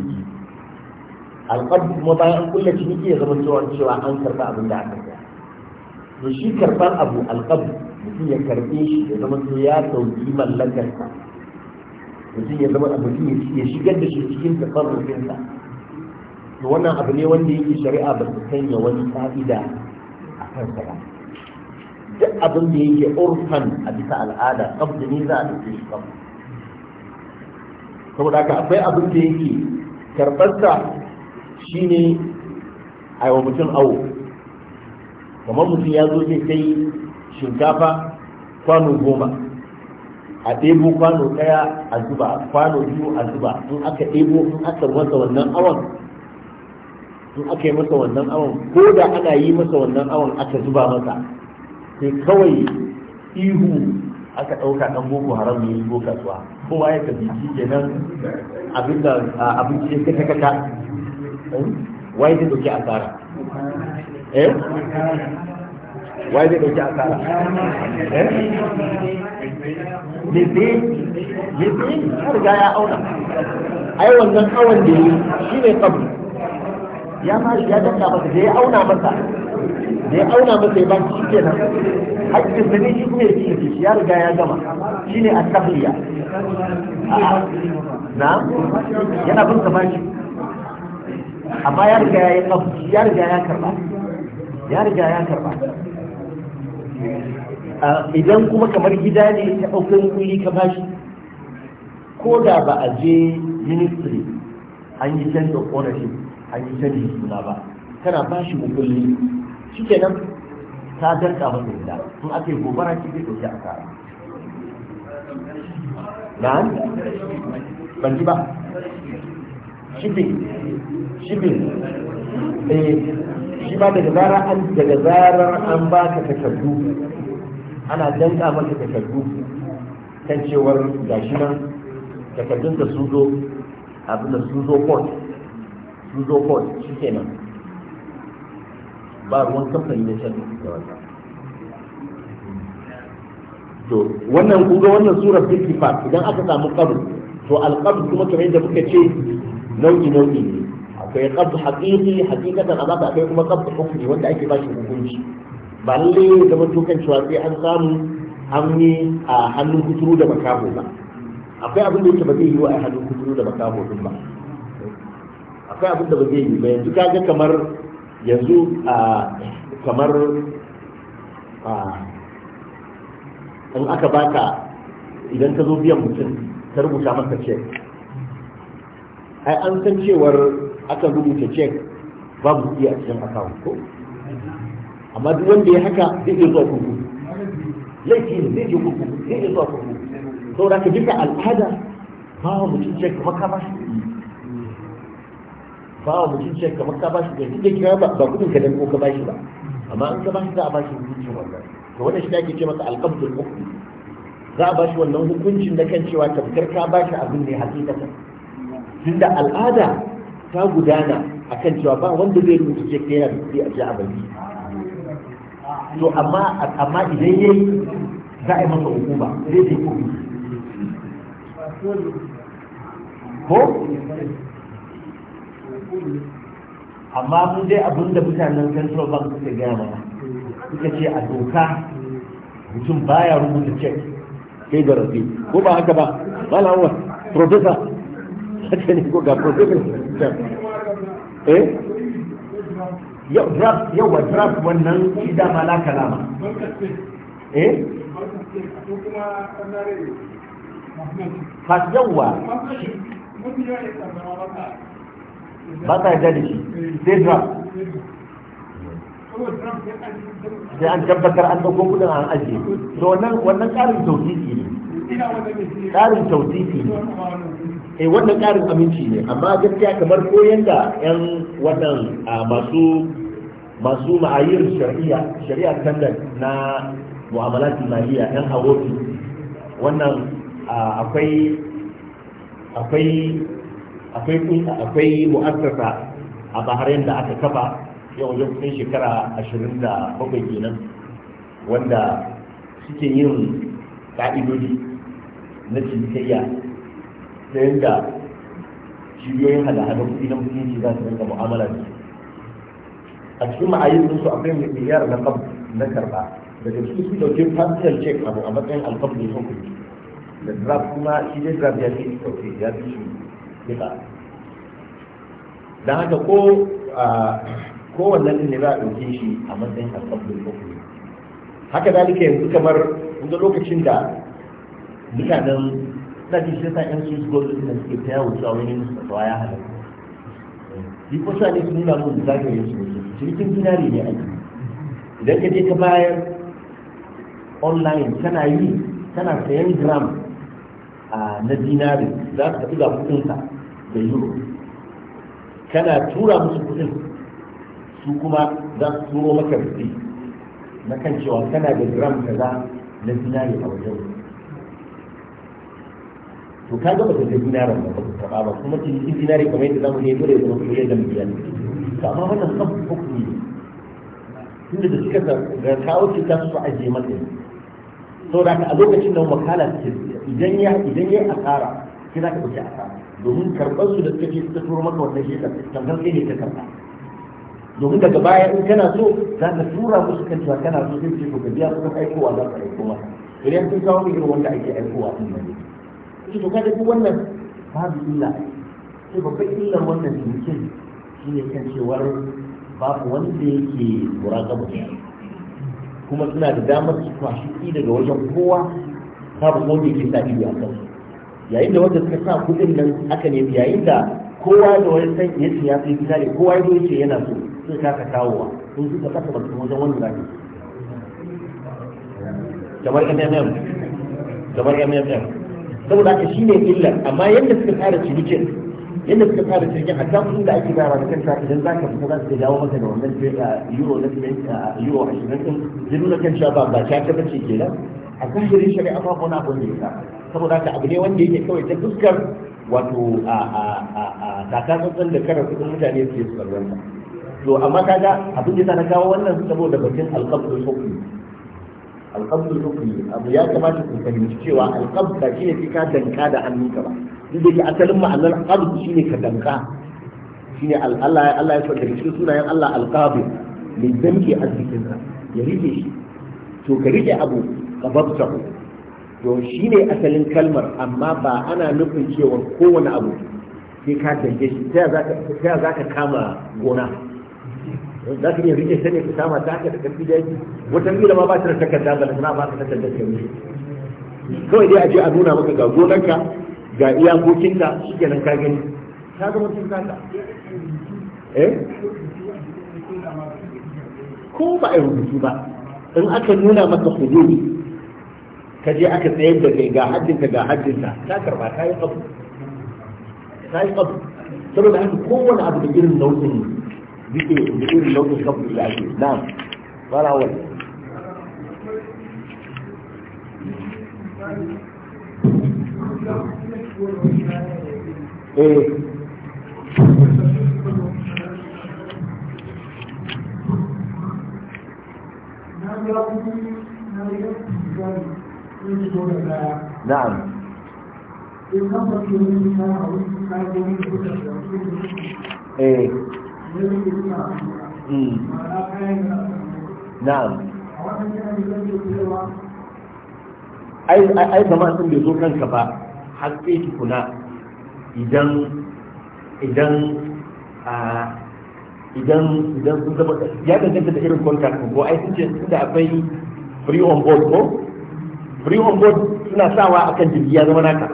القد مطاع عن كل شيء يزعم أن كشوا عن كربا أبو دعك يشي كربا أبو القد يشي يكربيش يزعم أن يا توجيم لك يشي يزعم أبو دي يشي قد يشي تقرر كنت وانا أبني وني شريعة بسكين وني فائدة أكثر سلام duk abin da yake urfan a bisa al'ada kabdi ne za a ɗauke shi kabdi saboda haka akwai abin da yake karɓarsa ne a yi wa mutum awo kamar mutum ya zo zai kai shinkafa kwano goma a ɗebo kwano ɗaya a zuba kwano biyu a zuba in aka ɗebo in aka masa wannan awon in aka yi masa wannan awon ko da ana yi masa wannan awon aka zuba masa sai kawai ihu aka ɗauka ɗan boko haram ne yi kasuwa kowa ya tafi shi kenan abinda abinci ya kaka kaka eh? wai zai dauki asara eh wai zai dauki asara eh ne ne ne ne har ga ya auna ai wannan kawan da shi ne kabu ya fashi ya danka masa da ya auna masa da ya auna masa ya baki shi kenan haƙƙin da ne shi kuma ne shi ya riga ya gama shi ne a tahliya na yana bin shi amma ya riga ya yi ya riga ya karba ya riga ya karba idan kuma kamar gida ne ta ɗaukar kuli ka shi ko da ba a je ministry an yi sense of ownership an yi sani juna ba kana ba shi mukulli nan ta danka masa da in aka ake gobara ki zai a asara na ban ji ba shibin shibin eh shi ba daga zarar an daga zara an baka takardu ana danka maka takardu kan cewar gashi nan takardun da su zo abin da su zo court sun zo kawai shi kenan ba ruwan kamfani da shan da wata to wannan kuga wannan surar bilkifa idan aka samu ƙabu, to alƙabu kuma kamar yadda muka ce nau'i nau'i ne akwai qabr haqiqi haqiqatan amma ba akwai kuma qabr hukmi wanda ake ba shi hukunci ba lalle zama tukan cewa sai an samu an yi a hannun kuturu da makaho ba akwai abin da yake ba zai yi wa a hannun kuturu da makaho ba akwai abin da ba zai yi ba yanzu kaga kamar yanzu a kamar a in aka baka idan ka zo biyan mutum ka rubuta masa cek ai an san cewar aka rubuta cek babu kuɗi a cikin akawun ko amma duk wanda ya haka zai iya zuwa kuku laifi ne zai je kuku zai iya zuwa kuku saboda ka jika al'ada ba mu mutum cek kuma ka ba ba wa mutum ce kamar ka bashi da duk da kira ba ba kudin ka dan ko ka bashi ba amma an ka bashi za a bashi hukuncin wannan to wannan shi ake ce masa alqabdul hukmi za a bashi wannan hukuncin da kan cewa tabbatar ka bashi abin ne hakikatan tunda al'ada ta gudana akan cewa ba wanda zai rubuta ce kai yana da kudi a ji a banki to amma amma idan yayi za a yi masa hukuma zai je kudi ko amma mun dai abin da mutanen central bank suka gaya mana suka ce a doka mutum baya rubuta cek sai da rafi ko ba haka ba malawa professor haka ne ko ga professor eh yau draft wa draft wannan shi da mala kalama eh fa yawa ba sa yarda da shi sai trump sai an tabbatar an ɗauko kudin an ajiye to wannan wannan ƙarin tausifi ne ƙarin tausifi ne eh wannan ƙarin aminci ne amma gaskiya kamar ko yanda yan wannan masu masu ma'ayir shari'a shari'a standard na mu'amalat maliya yan hawofi wannan akwai akwai akwai akwai mu'assasa a Bahrain da aka kafa yau wajen kusan shekara 27 kenan wanda suke yin ka'idodi na cinikayya ta yadda cibiyoyin hada-hada kuɗi na mutunci za su rinka mu'amala da a cikin ma'ayin su akwai miliyar na kaf na karba daga cikin su dauke partial check abu a matsayin alkaf ne sun da draft kuma shi dai draft ya fi kyautai ya fi shi duka don haka ko kowannan ne ba a ɗauke shi a matsayin alƙablin hukumi haka dalika yanzu kamar inda lokacin da mutanen na ji shi sa yan su gozo da suke ta yawo cewa wani musu fatawa ya halar ko kusa ne su nuna mun zagaye su ne cikin dinari ne ake idan ka je ka bayar online kana yi kana sayan gram na dinari za ka tafi ga kudinsa da euro kana tura musu kudin su kuma za su turo maka rufi na kan cewa kana da gram kaza na zinari a wajen to ka ga baka da dinarin da baka karba ba kuma cikin zinari kamar yadda zamu ne dole zama kuma yadda miliyan to amma wannan kan hukumi tunda da suka ga kawo cuta su aje maka saboda a lokacin da wakala idan ya idan ya asara sai za ka dauki asara domin karɓar su da suka je suka turo maka wannan shi tamkar sai ne ta karɓa domin daga baya in kana so za ka tura musu kan cewa kana so sai ce to ka biya kuɗin aikowa za ka aiko masa idan sun kawo irin wanda ake aikowa din nan ne to kada ku wannan babu illa sai babban illar wannan shi ne kan cewar babu wanda yake lura gaba kuma suna da damar su kwashi daga wajen kowa babu wanda yake sa ido a kansu yayin da wanda suka sa kuɗin nan aka nemi yayin da kowa da wani san ya ce ya fi gida ne kowa ya ce yana so sun kasa kawowa sun suka kasa bakin wajen wani za kamar mmm kamar mmm saboda haka shine illar amma yadda suka tsara cinikin yadda suka tsara cinikin hatta kuɗin da ake bayarwa da kanta idan za ka fita za su dawo maka da wannan eh, euro na eh, euro ashirin din zai nuna kan shafa ba ba ta bace kenan a zahirin shari'a ba kuna abu ne ya saboda ka abu ne wanda yake kawai ta fuskar wato a a a a takatsantsan da karar kudin mutane su yi ta to amma kaga abin da na kawo wannan saboda batun alƙabdul hukmi alƙabdul hukmi abu ya kamata ku fahimci cewa alƙab da shi ne ka danka da annuka ba duk da ke asalin ma'anar alƙab shi ne ka danka shi ne Allah Allah ya faɗa cikin sunayen Allah alƙabin mai danke a cikin ya rike shi to ka rike abu qababtahu to shine asalin kalmar amma ba ana nufin cewa kowane abu sai ka dange shi sai ya za ka kama gona za ka iya rike ta ka kama ta da karfi da yaki wata mila ma ba ta da takarda ba na ba ta takarda ta yi kawai dai a je a nuna maka ga gonarka ga iyakokinka shi kenan ka gani ta zama cin kasa eh ko ba a rubutu ba in aka nuna maka hududi ka je aka tsayar da kai ga haddinka ga haddinka ka karba ka yi kabu ka yi kabu saboda haka kowane abu da irin nau'in dike da irin nau'in kabu da ake na fara wani eh Thank you. نعم eh نعم hmm. ai ai zama sun bai zo kanka ba har sai idan idan a idan idan sun zama ya danganta da irin contract ko ai sun ce da akwai free on board ko free on board suna sawa akan jirgi ya zama naka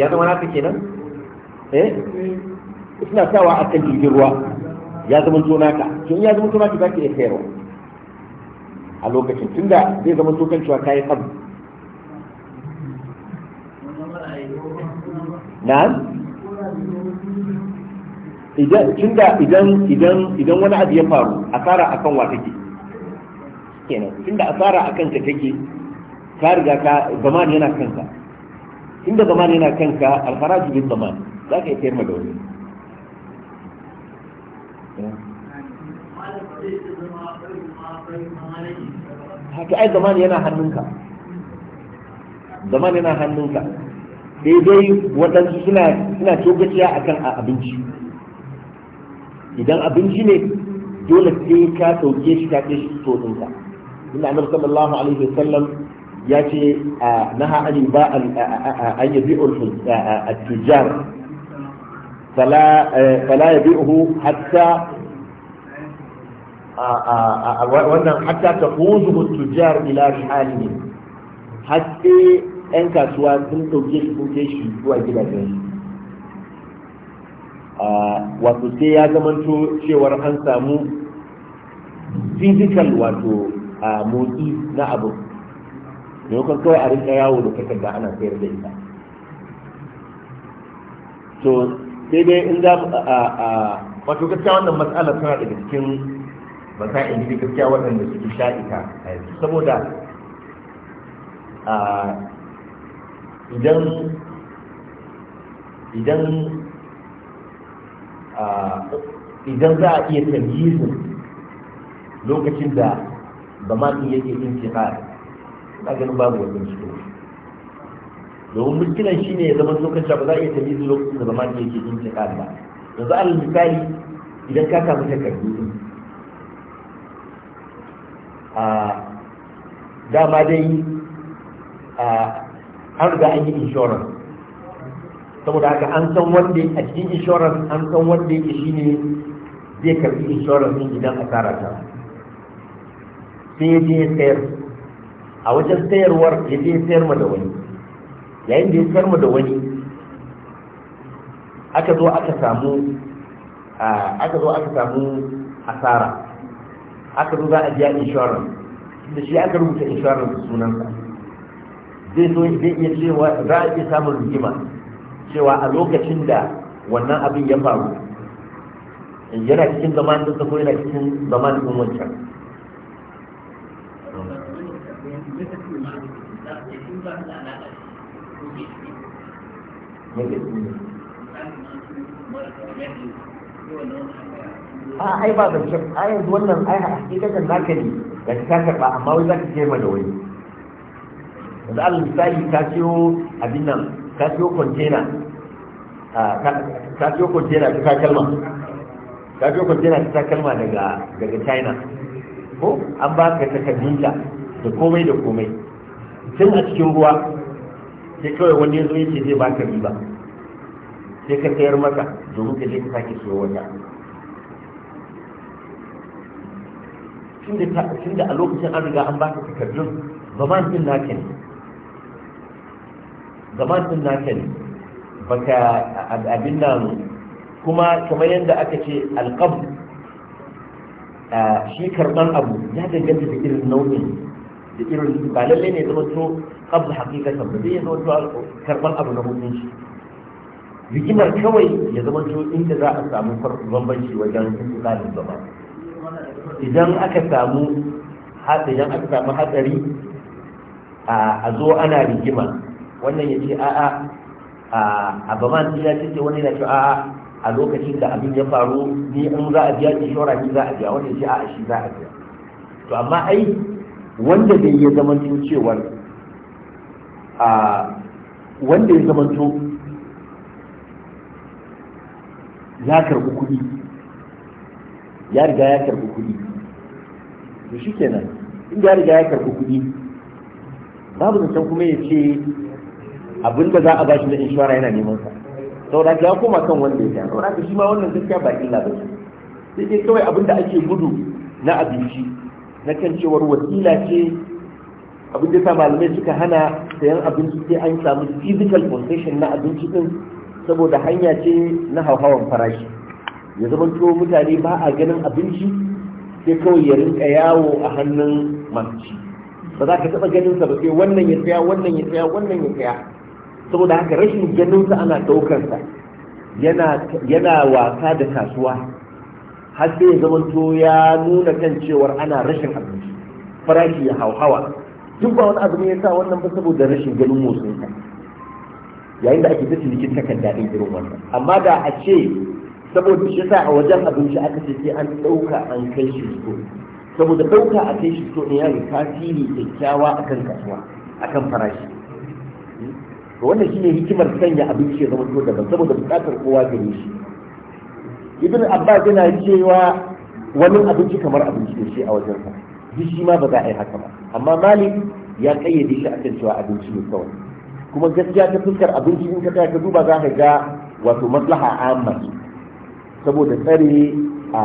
ya zama naka kenan eh suna sawa akan jirgin ruwa ya zama to naka to in ya zama to naka za ka iya sayarwa a lokacin tunda zai zama to kan cewa kayi kabu na'am idan tunda idan idan idan wani abu ya faru asara akan wa take kenan tunda asara akan ka take ka riga ka zaman yana kanka inda zaman yana kanka alfaraji bin zaman za ka yi kai ma da wani haka ai zaman yana hannunka zaman yana hannunka daidai waɗansu suna suna a akan abinci idan abinci ne dole sai ka ɗauke shi ka kai shi to ɗinka inda annabi sallallahu alaihi wasallam ya ce naha an ba an yabi al-tujjar fala eh, yabi'uhu hatta wannan hatta ta huzu tujjar ila shalihi hatta yan kasuwa sun ɗauke shi ko ke shi zuwa gidajen shi wato sai ya zamanto cewar an samu physical wato motsi na abu maimakon kawai a rinka yawo da ana sayar da ita to sai dai in za a a wato gaskiya wannan matsalar tana daga cikin in ji gaskiya waɗanda suke sha'ika a yanzu saboda idan idan idan za a iya tamyizin lokacin da ba ma yake shekara a ganin babu wannan su domin mutunan shi ne ya zama lokacin ba za a iya tafi zuwa lokacin da zama ke yin cikin ba yanzu alal misali idan ka samu takardu a dama dai a an riga an yi insurance saboda haka an san wanda a cikin insurance an san wanda yake ne zai karbi insurance din idan asara ta sai je sayar a wajen sayarwar ya je sayar ma da wani yayin da ya sayar ma da wani aka zo aka samu aka zo aka samu asara aka zo za a biya insurance da shi aka rubuta insurance sunansa zai so zai iya cewa za a iya samun rigima cewa a lokacin da wannan abin ya faru yana cikin zamanin da ko yana cikin zamanin wancan a ai ba zancen a yanzu wannan ai hakikatan naka ne da ka karɓa amma wai za ka je da wani yanzu alal misali ka siyo abin nan ka siyo kwantena ka siyo kwantena ta takalma ka siyo kwantena ta takalma daga daga china ko an ba ka takardunta da komai da komai tun a cikin ruwa sai kawai wani ya zo ya ce zai baka riba sai ka sayar maka, domin ka je ka sake siyo wata tun da a lokacin an riga an baka takardun zaman din naka ne zaman din naka ne baka abin nan kuma kamar yadda aka ce alƙab shi karɓar abu ya danganta da irin nau'in da irin ba lalle ne zama to qabla haqiqatan ba zai zo to karban abu na hukunci rigimar kawai ya zama to inda za a samu bambanci wajen tsarin gaba idan aka samu idan aka samu hatsari a zo ana rigima wannan ya ce a'a a baman ya ce wani na ce a'a a lokacin da abin ya faru ni in za a biya inshora ni za a biya wani ya ce a'a shi za a biya to amma ai wanda dai ya zama cewar a wanda ya zamanto ya karbi kuɗi ya riga ya karbi kuɗi to shi kenan in ya riga ya karbi kuɗi babu zancen kuma ya ce abinda za a bashi na inshora yana neman sa saboda ya koma kan wanda ya saboda shi ma wannan gaskiya ba illa ba sai dai kawai abinda ake gudu na abinci na kan cewar wasila ce abin da ta malamai suka hana sayan abinci sai an samu physical possession na abinci din saboda hanya ce na hauhawan farashi ya to mutane ba a ganin abinci sai kawai ya rinka yawo a hannun masu ci ba za ka taɓa ganin sa ba sai wannan ya tsaya wannan ya tsaya wannan ya tsaya saboda haka rashin ganin sa ana ɗaukar sa yana yana wasa da kasuwa har sai ya zamanto ya nuna kan cewar ana rashin abinci farashi ya hauhawa duk ba wani abu ne ya sa wannan ba saboda rashin ganin motsin ka yayin da ake ta cinikin takan ɗin irin wannan amma da a ce saboda shi sa a wajen abinci aka ce sai an ɗauka an kai shi so saboda ɗauka a kai shi so ne ya yi tasiri kyakkyawa akan kasuwa akan farashi wannan shi ne hikimar sanya abinci ya zama to daban saboda buƙatar kowa gare shi ibn abbas yana cewa wani abinci kamar abinci ne shi a wajen sa shi ma ba za a yi haka ba amma mali ya kayyade shi akan cewa abinci ne kawai kuma gaskiya ta fuskar abinci in ka ka duba za ka ga wato maslaha amma saboda tsare a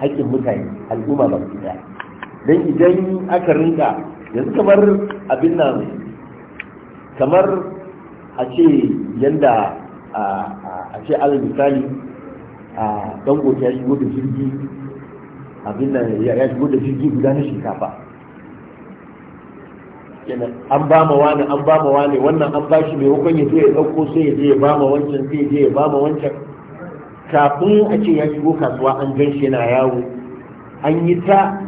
haƙƙin mutane al'umma ba su da dan idan aka rinka yanzu kamar abin nan kamar a ce yanda a ce ala misali a dangote ya shigo da jirgi abin nan ya shigo da jirgi guda na shinkafa kenan an ba ma wani an ba ma wani wannan an ba shi maimakon ya je ya ɗauko sai ya je ya ba ma wancan sai ya je ya ba ma wancan kafin a ce ya shigo kasuwa an gan shi yana yawo an yi ta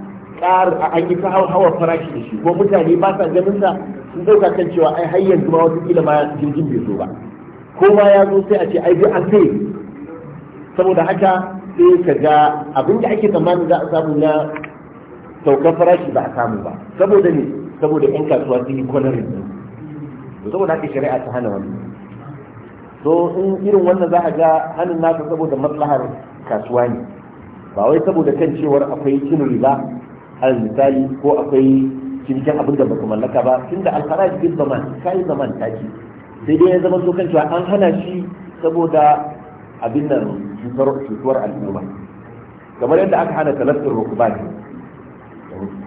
an yi ta hawa farashi da shi ko mutane ba sa ganin sa sun ɗauka kan cewa ai har yanzu ma wata kila ma jirgin bai zo ba ko ma ya zo sai a ce ai bi an sai saboda haka sai ka ga abin da ake tsammanin za a samu na saukar farashi ba a samu ba saboda ne saboda yan kasuwa sun yi kwanarin to saboda haka shari'a ta hana wani. to in irin wannan za a ga hannun nasa saboda maslahar kasuwa ne ba wai saboda kan cewar akwai cin riba al misali ko akwai cinikin abin da baka mallaka ba tunda alfaraj bil zaman kai zaman taki sai dai ya zama so kan cewa an hana shi saboda abin nan cutar al'umma kamar yadda aka hana talattar rukuban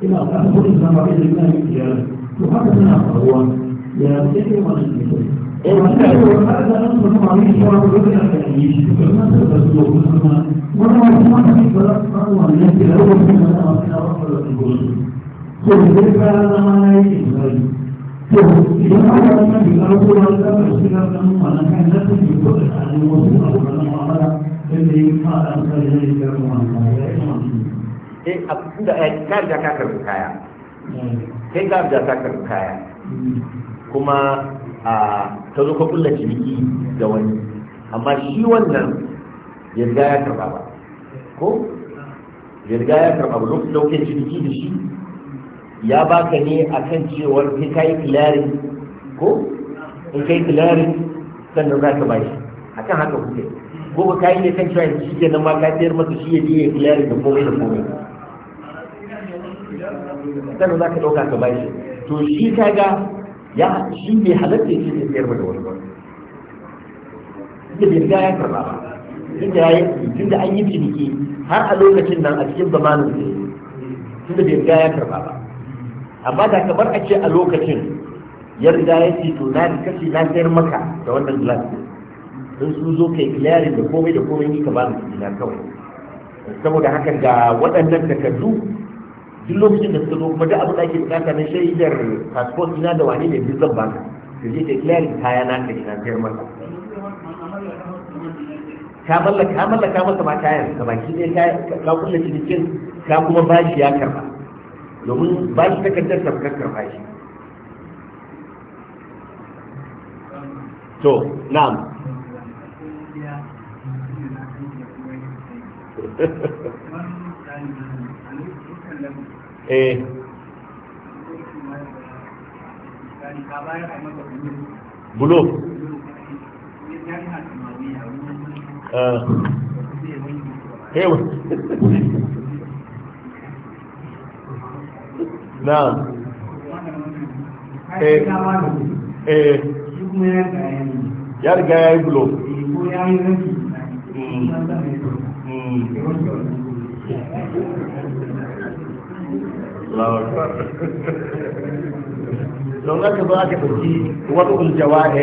Ina da kuma zama irin na yi تفكر هو يستطيع من Eh, aku sudah eh, kan dah kakak kaya. kai ka da ta kaya kuma a ta zo ka kulla ciniki da wani amma shi wannan ya riga ya karba ba ko ya riga ya karba ba lokacin da kuke ciniki da shi ya baka ne akan cewar kai ka yi kilarin ko in kai kilarin sannan za ka bashi akan haka kuke ko ba ka yi ne kan cewa shi ke nan ma ka sayar masa shi ya je ya kilarin da komai da komai sannan za ka ɗauka ka bashi to shi ka ga ya shi bai halatta shi ne sayar da wani ba da bai ya karɓa ba tunda ya yi tunda an yi ciniki har a lokacin nan a cikin zamanin sai tunda bai riga ya karɓa ba amma da kamar a ce a lokacin ya riga ya ce to na kashi na sayar maka da wannan glass sun su zo kai clearing da komai da komai ni ka ba su na kawai saboda hakan ga waɗannan takardu duk lokacin da suka zo kuma duk abin da ake bukata na shaidar passport ina da wani ne duk zan baka ka je ta kiyaye kaya na ka ina sayar maka ka mallaka ka mallaka masa ma kayan ka baki ne ka kulle cinikin ka kuma shi ya karba domin bashi takardar ta kan karba shi to na'am eh bulo ah. eh, *laughs* na eh eh ya riga ya yi bulo hmm. Hmm. don aka zo aka ɗauki waɗin jawaɗe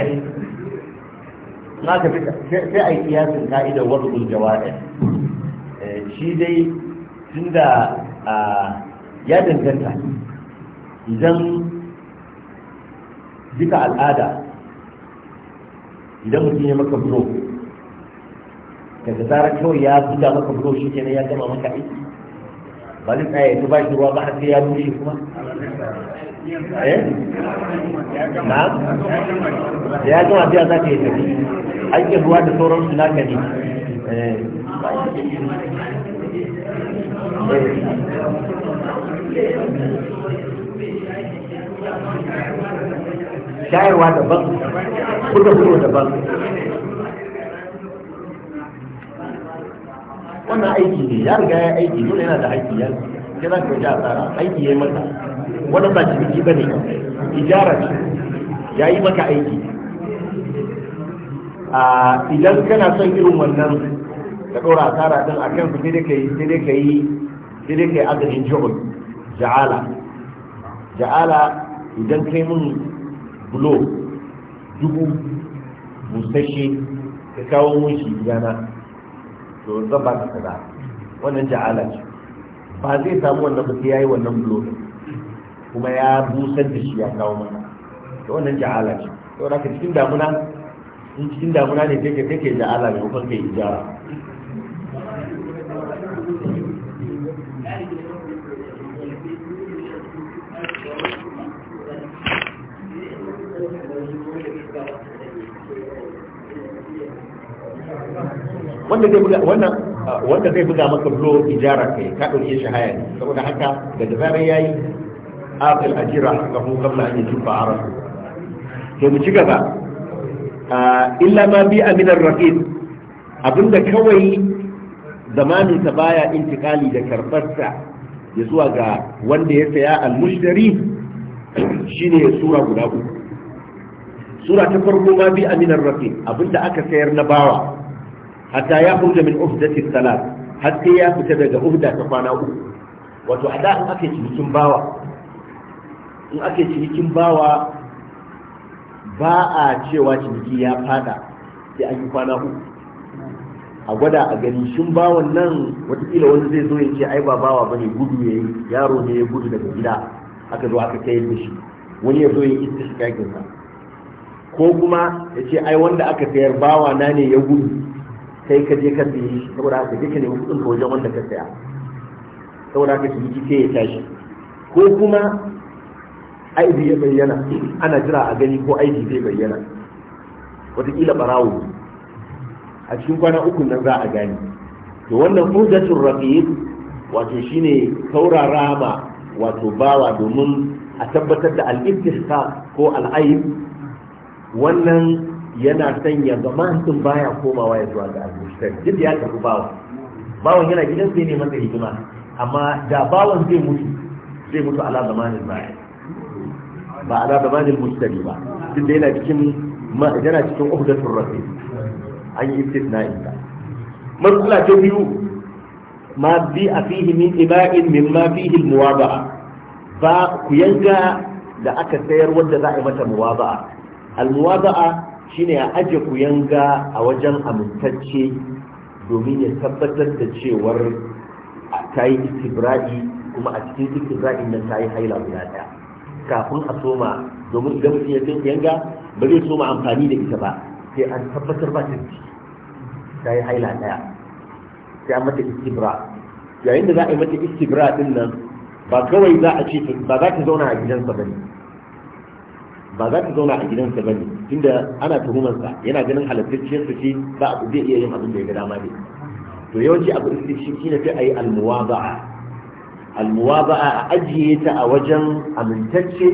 fi sai a yi kiyasin ka'idar eh, shi dai tun da ya danganta idan duka al'ada idan mutum ya maka buro daga zarar kawai ya buga maka buro shi kenan ya gama maka aiki ba zai yi ya ba shi ruwa ba har sai ya bushe kuma eh? na ya gama biya za yi tafi aikin ruwa da sauran su naka ne eh. Eh. shayarwa daban kuda kuda daban wannan aiki ne ya riga ya aiki dole yana da aiki ya ke za ka ji asara aiki ya yi maka wannan ba ciniki ba ne ijara ce ya yi maka aiki a idan kana son irin wannan ka ɗora asara ɗin a kansu sai dai ka yi sai dai ka yi sai dai ka yi adadin jihun ja'ala ja'ala idan kai mun bulo dubu busashe ka kawo mun shi gidana to zan ba ka kaza wannan ja'ala ce ba zai samu wannan ba sai yayi wannan bulo kuma ya busar da shi ya kawo mana to wannan ja'ala ce to da cikin damuna cikin damuna ne take take ja'ala ne ko kai ijara wanda zai buga wannan wanda zai buga maka blo ijara kai ka dauke shi haya ne saboda haka daga zarar yayi afil ajira ga mu kabla an yi ba arab to mu ci gaba illa ma bi aminar raqib abinda kawai zamanin sa baya intikali da karbarsa ya zuwa ga wanda ya saya al-mushtari shine sura guda uku sura ta farko ma bi aminar raqib abinda aka sayar na bawa hatta ya furta min ufdati salat har sai ya fita daga ufda ta kwana uku wato a da in ake cinikin bawa in ake cinikin bawa ba a cewa ciniki ya fada sai an yi kwana uku a gwada a gani shin bawan nan watakila wani zai zo ya ce ai ba bawa bane gudu ya yi yaro ne ya gudu daga gida aka zo aka kai da shi wani ya zo ya yi istishkakin sa ko kuma ya ce ai wanda aka sayar bawa na ne ya gudu kai ka je ka siye shi saboda haka duka ne kudin ka wajen wanda ka saya saboda haka su yi sai ya tashi ko kuma aibi ya bayyana ana jira a gani ko aibi zai bayyana wataƙila barawo a cikin kwana uku nan za a gani to wannan hujjatul raqiq wato shine taurara ma wato bawa domin a tabbatar da al-istihqa ko al-aib wannan yana sanya zama sun baya komawa ya zuwa ga almushtari duk ya tafi bawa bawan yana gidan sai ne masa hikima amma da bawan zai mutu zai mutu ala zamanin baya ba ala zamanin mushtari ba duk da yana cikin yana cikin uhdatul rafi an yi istisna'in ta matsala ta biyu ma bi a fihi min iba'in min ma fihi muwaba'a ba ku yanka da aka sayar wanda za a yi mata muwaba'a al muwaba'a shine a aje ku yanga a wajen amintacce domin ya tabbatar da cewar ta yi istibra'i kuma a cikin istibra'in nan ta yi haila guda ɗaya kafin a soma domin idan mutum ya tafi yanga ba zai soma amfani da ita ba sai an tabbatar ba ta ta yi haila ɗaya sai an mata istibra yayin da za a yi mata istibra din nan ba kawai za a ce ba za ta zauna a gidansa ba ne ba za ta zauna a gidansa ba ne. tunda ana tuhumarsa yana ganin halattacciyar su shi ba zai iya yin abin da ya ga dama ne to yawanci abu da shi ne sai yi almuwaba'a almuwaba'a a ajiye ta a wajen amintacce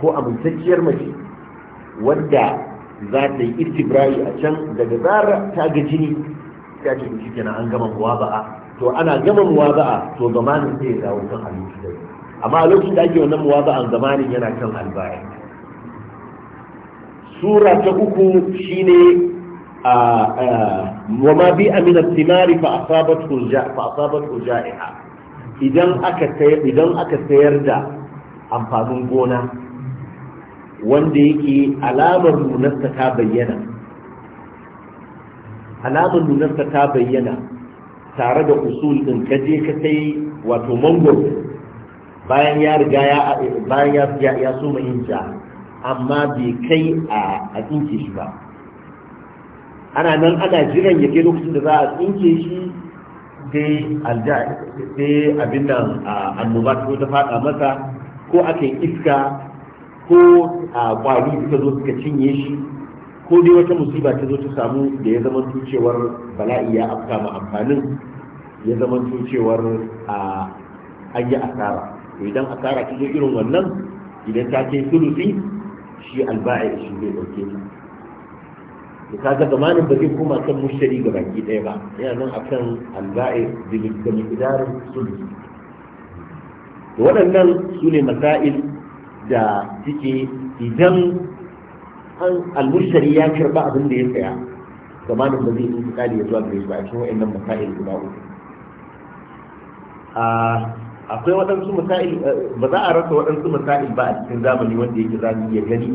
ko amintacciyar mace wadda za ta yi irtibra'i a can daga zarar ta ga jini ta ce shi kenan an gama muwaba'a to ana gama muwaba'a, to zamanin zai ya dawo kan halittu amma a lokacin da ake wannan muwaza'an zamanin yana kan albaya sura ta uku shine wa ma bi amina timari fa asabat hurja fa asabat hurja'iha idan aka sayar idan aka sayar da amfanin gona wanda yake alamar nunarsa ta bayyana alamar nunarsa ta bayyana tare da usul din je ka sai wato mangoro bayan ya riga ya bayan ya ya so yin ja amma bai kai a tsinke shi ba ana nan ana jiran ya kai lokacin da za a tsinke shi sai abin da annoba ko ta fada masa ko aka yi iska ko kwari suka zo suka cinye shi ko dai wata musiba ta zo ta samu da ya zama cewar bala'i ya afka ma amfanin ya zama cewar an yi asara idan asara ta zo irin wannan idan ta ke sulusi shi alba'i shi zai ɗauke ta da kaga zamanin ba zai koma kan mushtari ga baki ɗaya ba yana nan a akan alba'i da mikidarin da waɗannan su ne masail da suke idan an almushari ya karba abin da ya saya zamanin ba zai yi tsari ya zuwa gare shi ba a cikin waɗannan masail guda uku ah, akwai waɗansu misali eh, ba za a rasa waɗansu misali ba a cikin zamani wanda yake za iya gani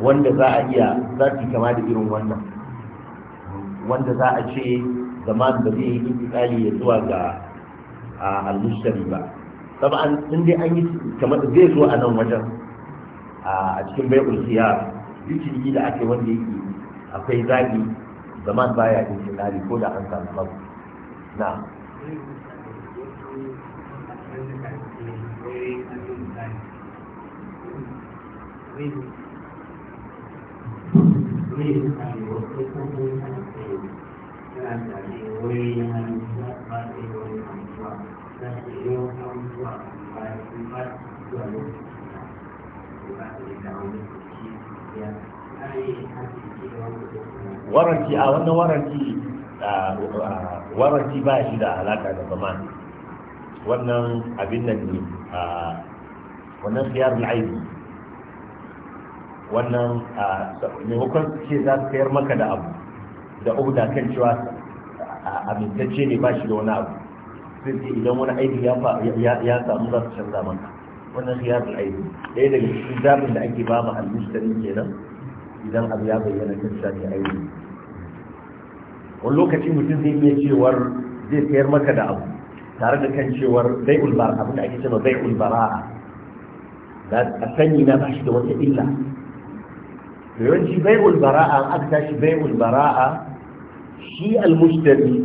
wanda za a iya za su kama da irin wannan wanda za a ce zaman da zai yi intikali ya zuwa ga al-mushtari ba saboda in an yi kamar zai zo a nan wajen a cikin bai'ul khiyar dukkan da ake wanda yake akwai zagi zaman baya intikali ko da an samu na ayoyin hannun da da wani ba waranti a wannan waranti uh, uh, ba shi da alaka da zamani wannan abin nan ne a wannan siyar al'aibi wannan a maimakon ce za su sayar maka da abu da da kan cewa amintacce ne ba shi da wani abu sai ce idan wani aiki ya samu za su canza maka wannan siyar al'aibi ɗaya daga cikin zaɓin da ake ba ma almustari kenan idan abu ya bayyana kan shafi aiki wani lokacin mutum zai iya cewar zai sayar maka da abu tare da kan cewar bai ulbar abin da ake cewa bai ulbara'a da a sanyi na ba shi da wata illa to yawanci bai an aka shi bai ulbara'a shi almustari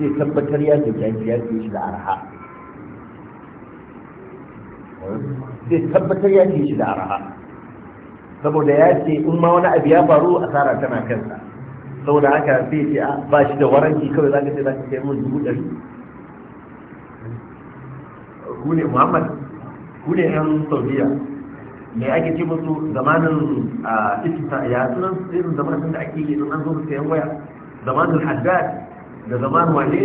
zai tabbatar ya ke ya ke shi da arha zai tabbatar ya ke shi da arha saboda ya ce in ma wani abu ya faru a tsara tana kansa saboda haka sai ce ba shi da waranci kawai za ka ce za ka kai mun dubu ɗari ku ne muhammad ku ne yan saudiya me ake ce musu zamanin a isita ya sunan irin zamanin da ake yi in an zo su sayan waya zamanin haddad da zamanin wane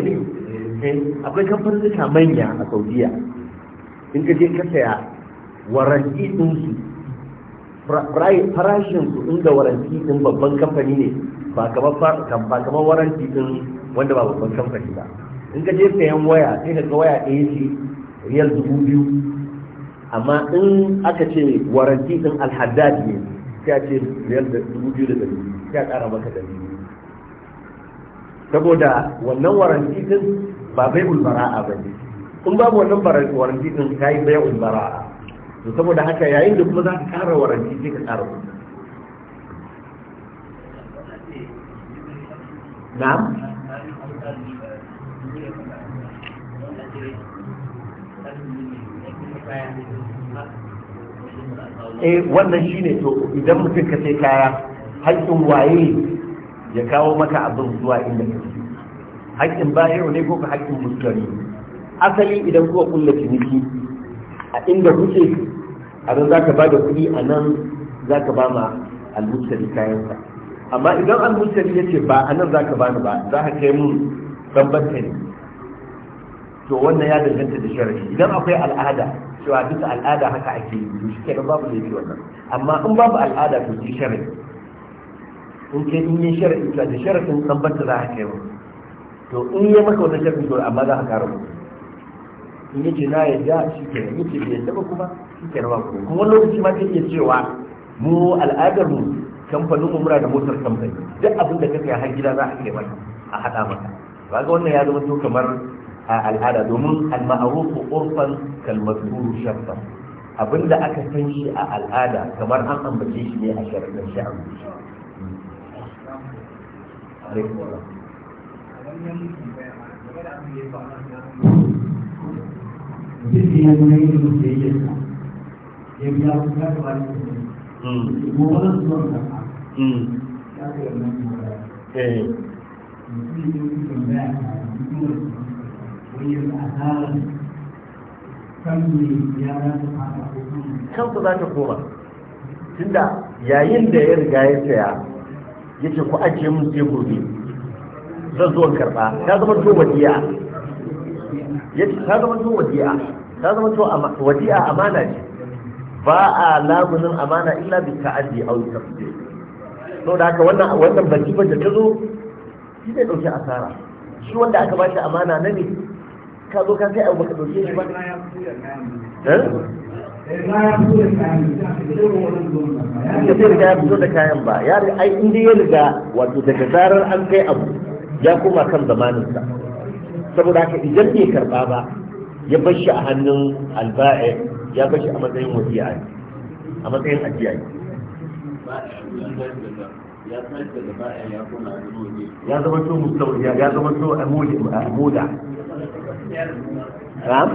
ne akwai kamfanin manya a saudiya in ka je ka saya waranti ɗinsu farashin su inda waranti ɗin babban kamfani ne ba kamar waranti ɗin wanda ba babban kamfani ba in ka je sayan waya sai ka ga waya ɗaya ce riyal dubu biyu amma in aka ce waranti din alhaddad ne sai a ce riyal dubu biyu da dari sai a ƙara maka dari saboda wannan waranti din ba bai ulbara'a ba ne in babu wannan waranti din ka yi bai ulbara'a to saboda haka yayin da kuma za ka ƙara waranti sai ka ƙara kuɗi na'am eh wannan shine to idan mutum ka sai kaya haƙƙin waye ya kawo maka abin zuwa inda kake haƙƙin bayarwa ne ko ka haƙƙin musulmi asali idan kuka kulla ciniki a inda kuke a nan za ka ba da kuɗi a nan za ka ba ma almustari kayansa amma idan almustari ya ce ba a nan za ka ba ni ba za ka kai mun bambanta ne to wannan ya danganta da sharafi idan akwai al'ada cewa duka al'ada haka ake yi to shike nan babu laifi wannan amma in babu al'ada to shi sharadi in ce in yi sharadi to da sharadin san banta za a kai mu to in yi maka wannan sharadin to amma za a kara mu in yace na yadda shi ke nan yace bai yadda ba kuma shi ke nan ba kuma kuma lokaci ma zai iya cewa mu al'adar mu kamfanin mu mura da motar kamfani duk abin da ka kai har gida za a kai mata a haɗa maka ba ga wannan ya zama to kamar a al'ada domin al-ma'rufu urfan kal mazkuru sharfan abinda aka san shi a al'ada kamar an ambace shi ne a sharadin sha'an Eh. yin asarar kan ya za ta fata za ta koma tunda yayin da ya riga ya saya ya ce ku ajiye mun sai gobe zan zo karba ta zama to wadiya ya ce ta zama to wadiya ta zama to wadiya amana ce ba a lagunin amana illa bi ta'addi aw tafdil to da haka wannan wannan da ta zo shi zai dauki asara shi wanda aka bashi amana na ne ka zo ka sai abu baka dauke shi ba da eh? sai riga ya fito da kayan ba ya ai inda ya riga wato daga zarar an kai abu ya koma kan zamaninsa saboda haka idan bai karba ba ya bar shi a hannun alba'i ya bar shi a matsayin wasiya a matsayin ajiya ya zama to mustawiya ya zama to amuda Na'am?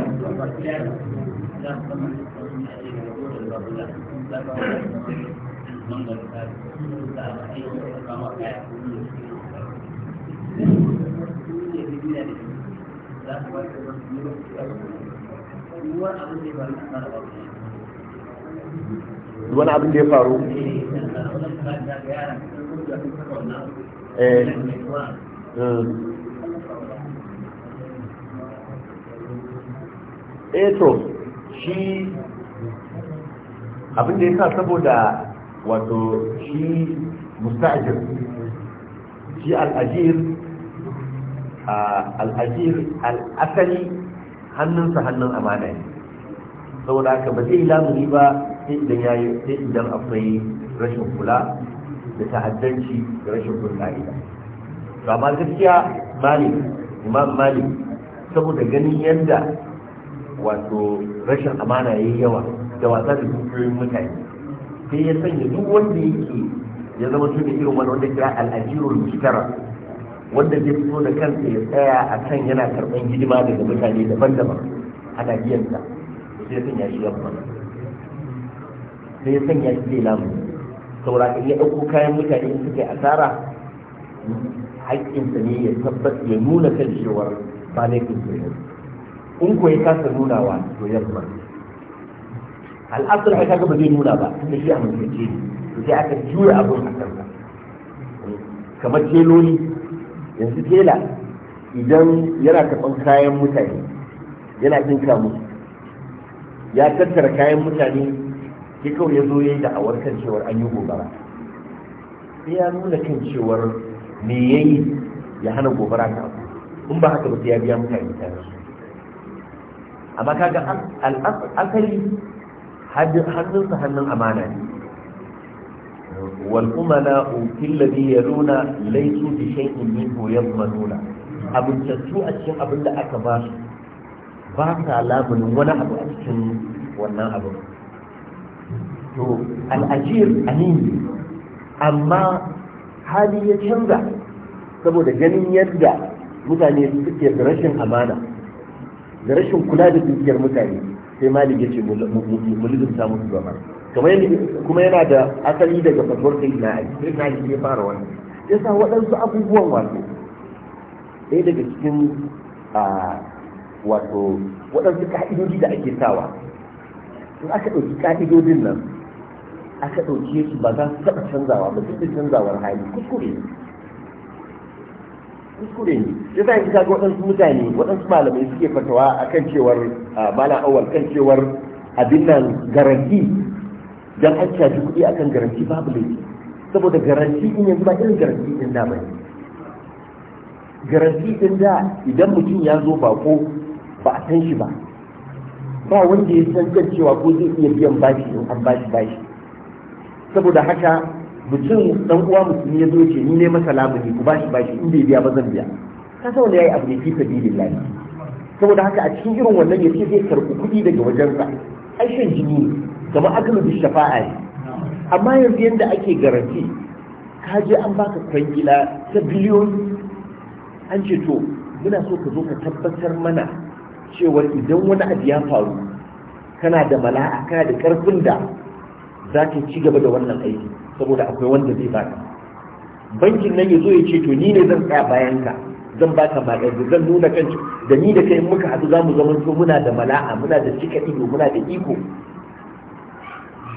wani abin da ya faru eh eh to shi abin da ya sa saboda wato shi mustajir shi al'ajir al'ajir al'asali hannunsa hannun amana ne saboda haka ba zai lamuni ba sai idan akwai rashin kula da ta'addanci da rashin kula ka'ida to amma gaskiya malik imam malik saboda ganin yadda wato rashin amana yayi yawa da wasa da dukiyoyin mutane sai ya sanya duk wanda yake ya zama su da irin wani wanda kira al'ajirul mushtara wanda zai fito da kansa ya tsaya a kan yana karɓar hidima daga mutane daban-daban ana biyansa sai ya sanya shi yamma sai ya sanya shi zai lamu saura ya ɗauko kayan mutane in suka yi asara haƙƙinsa ne ya tabbata ya nuna kan cewar ba laifin su in ko ya kasa nunawa to ya zuwa al'asar haka gaba zai nuna ba tunda shi a mutunce ne sai aka jure abin a kansa kamar teloli yanzu jela idan yana karɓar kayan mutane yana jin kamu, ya tattara kayan mutane ke kawai ya zo ya yi da'awar kan cewar an yi gobara sai ya nuna kan cewar me ya yi ya hana gobara ta in ba haka ba sai ya biya mutane ta amma kaga al'asali hannunsa hannun amana ne wal'umana ukin labi ya nuna laisu da shayin min koyon manuna abincantu a cikin abin da aka ba su ba sa lamunin wani abu a cikin wannan abin to al'ajir amini amma hali ya canza saboda ganin yadda mutane suke rashin amana da rashin kula da dukiyar mutane sai malik ya ce mulkin ta su gaba kamar kuma yana da asali daga fasuwar kai na ali sai na ali ya fara wannan ya sa waɗansu abubuwan wato ɗaya daga cikin wato waɗansu ka'idodi da ake sawa in aka ɗauki ka'idodin nan aka ɗauke su ba za su taɓa canzawa ba duk da canzawar hali kuskure kuskure ne ya sa yanzu kaga waɗansu mutane waɗansu malamai suke fatawa akan cewar mana awal kan cewar abin nan garanti dan an caji kuɗi akan garanti babu laifi saboda garanti in yanzu ba irin garanti din da bane garanti din da idan mutum ya zo bako ba a san shi ba ba wanda ya san kan cewa ko zai iya biyan bashi in an bashi bashi saboda haka mutum dan uwa musulmi ya zo ce ni ne masa lamuni ku bashi bashi in bai biya ba zan biya ka san ya yayi abu ne fi sabilillah saboda haka a cikin irin wannan ce zai karɓi kuɗi daga wajensa ai shan jini ne kamar akalu bi shafa'a ne amma yanzu yanda ake garanti ka je an baka kwangila ta biliyoyi an ce to muna so ka zo ka tabbatar mana cewa idan wani abu ya faru kana da mala'a kana da karfin da za ka ci gaba da wannan aiki saboda akwai wanda zai baka bankin nan ya zo ya ce to ni ne zan tsaya bayan ka zan baka magani eh, zan nuna kan da ni da kai muka haɗu za mu zama to muna da mala'a muna da cika ido muna da iko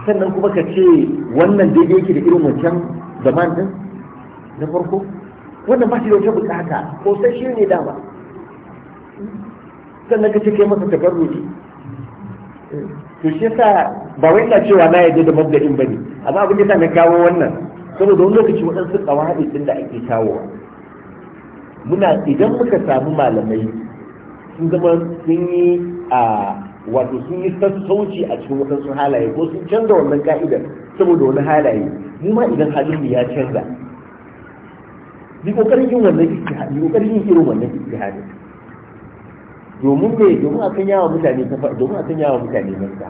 sannan kuma ka ce wannan daidai yake da irin wancan zaman din na farko wannan ba shi da wata bukata ko sai shi ne dama sannan ka ce kai masa tabarruki eh, to shi yasa ba wai ina cewa na yaje da mabda'in bane amma abin da na kawo wannan saboda wani lokaci waɗansu kawai din da ake kawo muna idan muka samu malamai sun zama sun yi a wato sun yi sassauci a cikin waɗansu halaye ko sun canza wannan ka'idar saboda wani halaye mu ma idan halin ya canza bi kokarin yin wannan ijtihadi kokarin yin irin wannan ijtihadi domin me domin a kan yawa mutane domin a kan yawa mutane mafita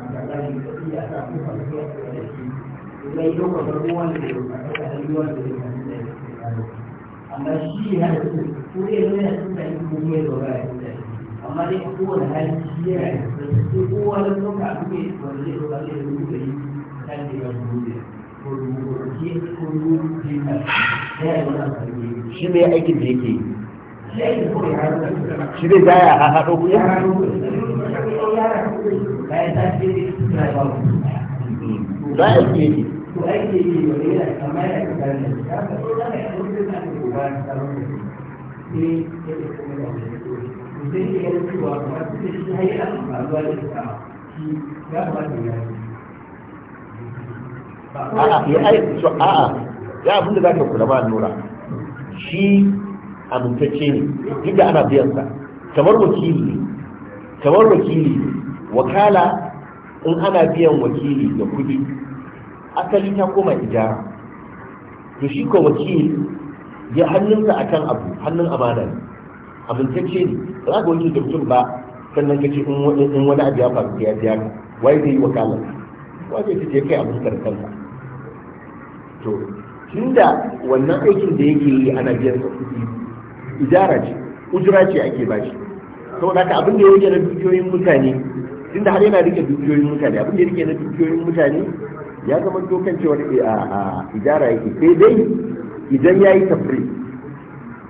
da shi ne aikin da yake shi ne zai zo ba yi ya ya ba aiki ke shi ya ya abin da za ka kula ba nura shi amintacce ne duk da ana kamar wakili kamar wakili wakala in ana biyan wakili da kudi asali ta koma ijara to shi ko wakili ya hannunsa a kan abu hannun amana ne amintacce ne za ka wakil da mutum ba sannan ka ce in wani abu ya faru ya biya ka wai zai yi wakala wai zai ce kai abin ka to tunda wannan aikin da yake yi ana biyan sa kudi ijara ce ujira ce ake bashi saboda haka abin da ya wuce na dukiyoyin mutane tunda har yana rike dukiyoyin mutane abin da rike na dukiyoyin mutane ya zama dokan cewa eh, a ijara yake sai dai idan ya yi tafri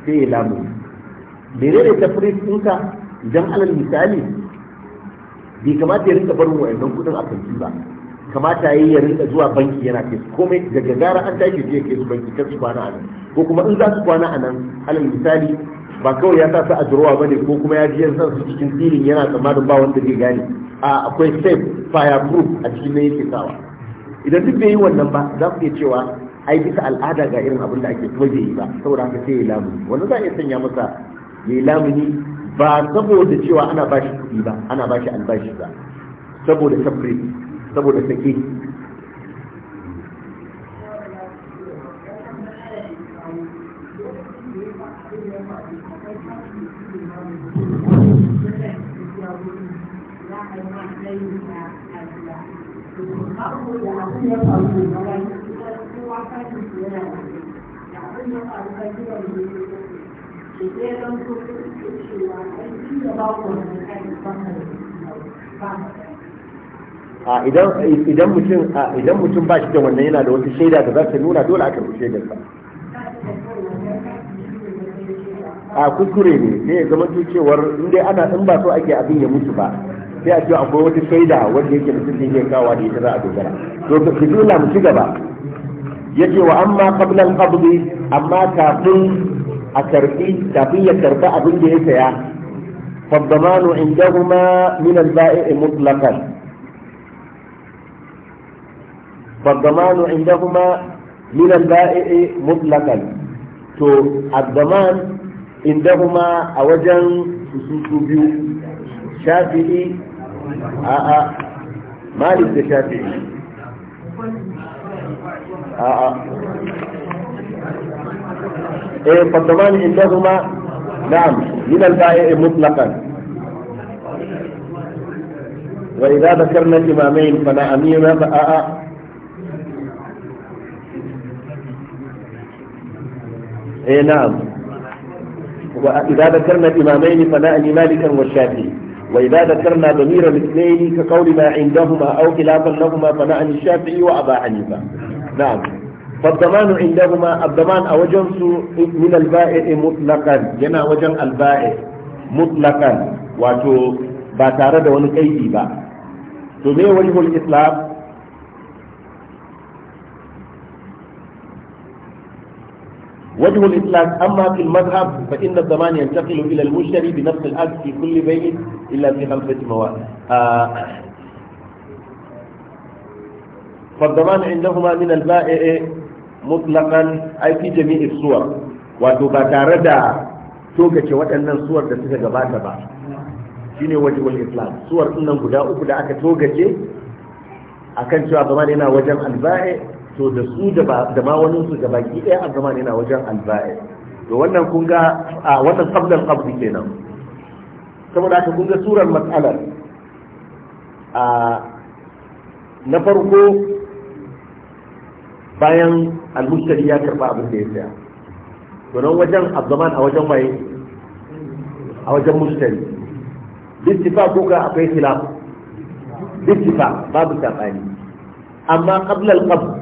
sai ya lamu mene ne tafri ka idan alal misali bai kamata ya rinka barin wa'annan kuɗin a kanti ba kamata yi ya rinka zuwa banki yana kai komai daga gara an tashi je kai su banki kan su kwana a nan ko kuma in za su kwana a nan alal misali ba kawai ya sa su a durowa bane ko kuma ya je san su cikin tsirin yana tsammanin ba wanda zai gane a akwai safe proof a cikin nan yake sawa idan duk bai yi wannan ba za ku iya cewa ai bisa al'ada ga irin abin da ake kuma bai yi ba saboda haka sai ya lamuni wannan za a iya sanya masa ya yi lamuni ba saboda cewa ana bashi kuɗi ba ana bashi albashi ba saboda tabri saboda sake Thank you. a idan mutum a idan mutum ba shi da wannan yana da wata shaida da za ta nuna dole aka rushe da sa a kuskure ne sai ya zama cewar in dai ana in ba so ake abin ya mutu ba sai a ce akwai wata shaida wanda yake mutum zai iya kawo da ita za a dogara to ki dole mu ci gaba ce wa amma qabla al amma kafin a karbi kafin ya karba abin da ya saya fa dhamanu indahuma min al-ba'i' mutlaqan فالضمان عندهما من البائع مطلقا تو الضمان عندهما اوجا سوسوبي شافعي آآ مالك شافعي آآ إيه فالضمان عندهما نعم من البائع مطلقا وإذا ذكرنا الإمامين فلا أمير E na'am wa idza dhakarna imamayn fala ali malikan wa shafi'i wa idza dhakarna damira al-ithnayn ka qawli ma indahuma aw khilafan lahumā fala na'am فالضمان عندهما الضمان أوجن من البائع مطلقا ينا وجن البائع مطلقا واتو باتارة ونكيدي با تو مي وجه الإسلام وجه الإطلاق أما في المذهب فإن الضمان ينتقل إلى المشتري بنفس الأكل في كل بيع إلا في خمسة مواد آه فالضمان عندهما من البائع مطلقا أي في جميع الصور وتبتردى توكة وأن الصور تسيح غباتة بعد shine wajibul islam suwar nan guda uku da aka togace akan cewa zaman yana wajen alba'i to da su da ma wani su baki ɗaya abdurrahman yana wajen alba'i to wannan kun ga a wannan sabdan abdi kenan saboda haka kun ga surar matsalar a na farko bayan almushtari ya karba abin da ya saya to nan wajen abdaman a wajen waye a wajen mushtari bittifa ko ga akwai khilaf bittifa babu sabani amma qabla al-qabd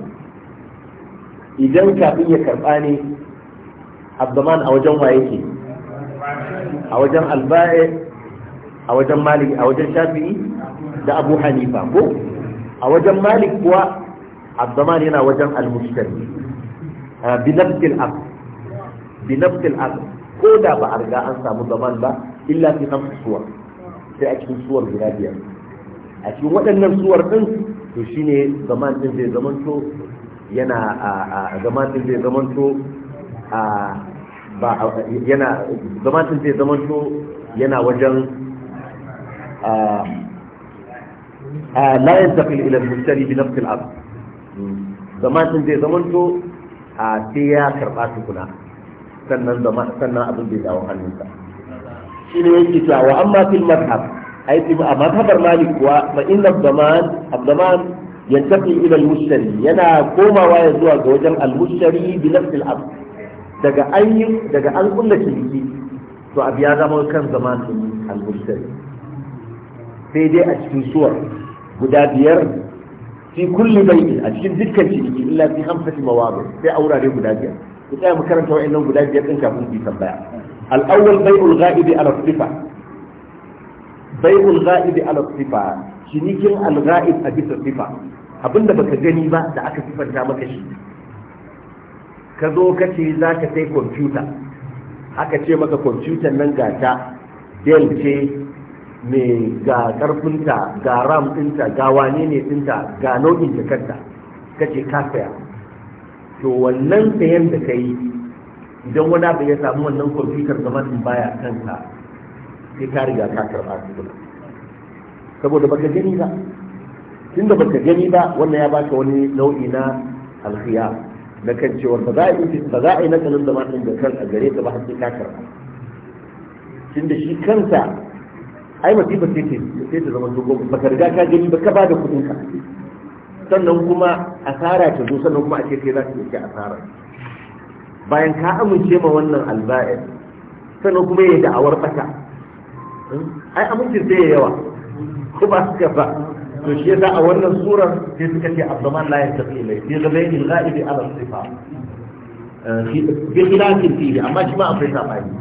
idan kafin ya karɓa ne abdaman a wajen waye ke a wajen alba'i a wajen malik a wajen shafi'i da abu hanifa ko a wajen malik kuwa abdaman yana wajen almustari ah, binafsil ab binafsil ab ko da ba a riga an samu zaman ba illa fi hamsu suwar sai a cikin suwar guda biyar a cikin waɗannan suwar ɗin to shine zaman ɗin zai zamanto yana a zamanin zai zamanto a ba yana zamanin zai zamanto yana wajen a la yantaqil ila al-mushtari bi nafs al-ab zamanin zai zamanto a sai ya karba tukuna sannan sannan abin bai dawo hannunsa shi ne yake cewa wa amma fil madhhab ai a madhabar malik kuwa ma inna zaman zaman yantafi ila al-mushtari yana komawa ya zuwa ga wajen al-mushtari bi nafsi daga an daga an kulla ciniki to abu ya zama kan zaman al-mushtari sai dai a cikin suwar guda biyar fi kulli bai'in a cikin dukkan ciniki illa fi hamsati mawadi sai a wurare guda biyar ku tsaya mu karanta wa'annan guda biyar din kafin ku tambaya al cinikin al a bisa sifa Abin da baka gani ba da aka sifanta maka shi ka zo ka ce za ka sai kwamfuta aka ce maka kwamfutan nan ga ta Del ce mai ga karfinta ga ram ɗinta ga wane ne ɗinta ga nau'in jakarta ka ce ka saya to wannan sayan da ka yi idan wani abu ya samu wannan kwamfutar zama in baya kanka sai ta riga ka karɓa su saboda baka gani ba tunda baka gani ba wannan ya baka wani nau'i na alkhiya na kan cewa ba za a yi ba za a yi nakalin da matan da kan a gare ka ba har sai ka karba da shi kansa ai masifa ce ce sai ta zama dogo ba ka riga ka gani ba ka ba da kuɗin ka sannan kuma asara ta zo sannan kuma a ce kai za ka yi asara bayan ka amince ma wannan alba'ir sannan kuma ya yi da'awar ɓata hmm? ai amince sai ya yawa ko ba su ba to shi yasa a wannan surar sai suka ce abdaman la yattaqi ilai fi ghayri al-ghaib ala sifa eh, bi khilafin fihi amma shi ma akwai sabani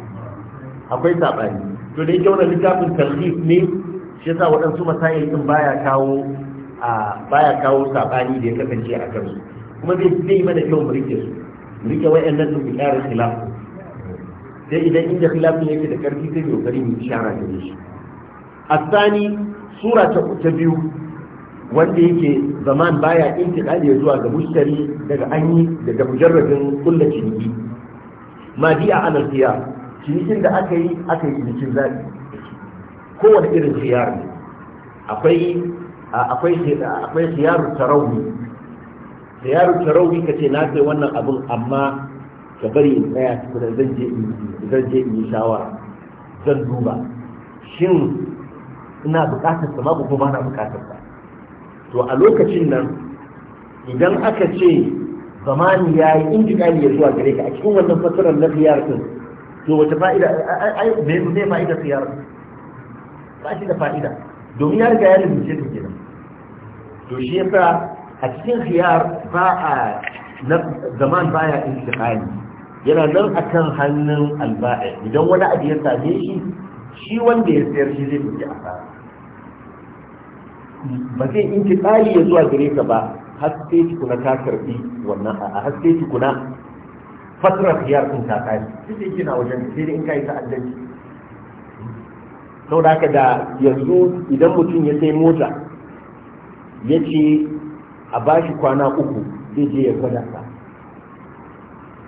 akwai sabani to dai yake wannan littafin tarhif ne shi yasa waɗansu masail din baya kawo a baya kawo sabani da ya kasance a kansu kuma zai zai mana kyau mu rike su mu rike wayannan su bikarin khilaf sai idan inda khilafin yake da karfi sai kokari mu shara da shi sura ta biyu. wanda yake zaman baya intiqali zuwa ga mushtari daga an yi daga mujarradin kulla ciniki ma biya alal khiyar cinikin da aka yi aka yi cinikin zabi kowane irin khiyar ne akwai akwai akwai khiyar tarawi khiyar tarawi kace na kai wannan abun amma ka bari in tsaya tukuna zan je zan je in yi shawara zan duba shin ina bukatar sa ma ko ba na bukatar sa to a lokacin nan idan aka ce zamani ya yi injiƙali ya zuwa gare ka a cikin wannan fasarar na khiyar din to wace fa'ida ai me fa'ida khiyar ba shi da fa'ida domin ya riga ya rubuce ta kenan to shi yasa a cikin khiyar ba a na zaman baya intiqali yana nan akan hannun alba'i idan wani abu ya same shi shi wanda ya sayar shi zai fi asara ba zai tsari ya zuwa gare ka ba haske kuna ta karbi wannan a haske kuna fasirar fiyar kun ta kai duk da yake wajen sai dai in kai ta'addanci sau da haka da yanzu idan mutum ya sai mota ya ce a ba shi kwana uku zai je ya gwada ta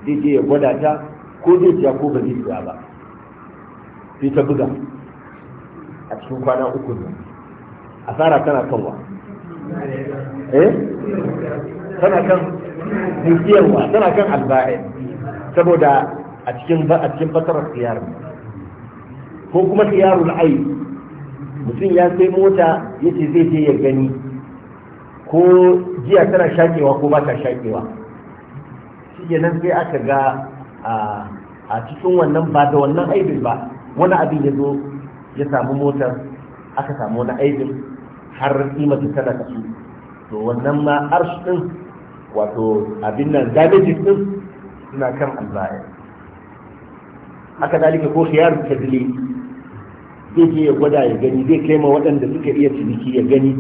zai je ya gwada ta ko zai siya ko ba zai siya ba sai ta buga a cikin kwana uku ne asara tana kan wa eh tana kan dukiyarwa tana kan alba'i saboda a cikin a cikin fasarar siyar ko kuma siyarul ai mutum ya sai mota yace zai je ya gani ko jiya tana shakewa ko ba ta shakewa shi nan sai aka ga a cikin wannan ba da wannan aibin ba wani abin ya zo ya samu motar aka samu wani aibin har kimata tana kasu to wannan ma arsh din wato abin nan damages din suna kan albaya haka dalika ko khiyar tadli zai je ya gwada ya gani zai kai ma waɗanda suka iya ciniki ya gani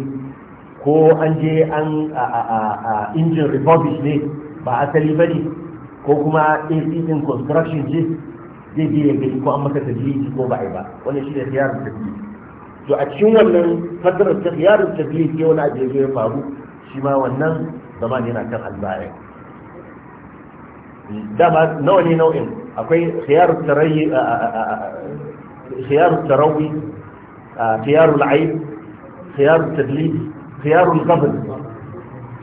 ko an je an a injin republic ne ba asali ba ne ko kuma ac din construction ce zai je ya gani ko an maka tadli ko ba a yi ba wannan shi ne khiyar tadli to a cikin wannan fadarar ta yarin tafiye ke wani abu ya faru shi ma wannan ne na kan albaya dama nawa ne nau'in akwai khiyarut tarayi khiyarut tarawi khiyarul aib khiyarut tadlis khiyarul qabl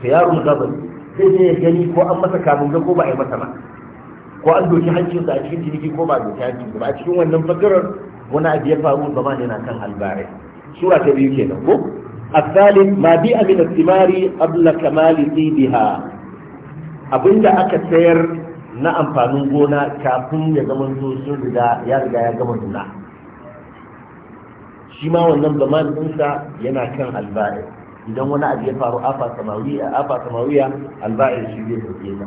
khiyarul qabl sai ne gani ko an masa kamun ga ko ba a yi masa ba ko an doki hancinsa a cikin ciniki ko ba a doki hancinsa ba a cikin wannan fadarar wani abu ya faru ba zaman yana kan albare sura ta biyu kenan ko الثالث ما بيع من الثمار Abla كمال سيدها abinda aka sayar na amfanin gona kafin ya zama sun riga ya riga ya gama nuna shi ma wannan ba ma ɗinsa yana kan albare, idan wani abu ya faru afa samawiya afa samawiya alba'i shi zai sauke ta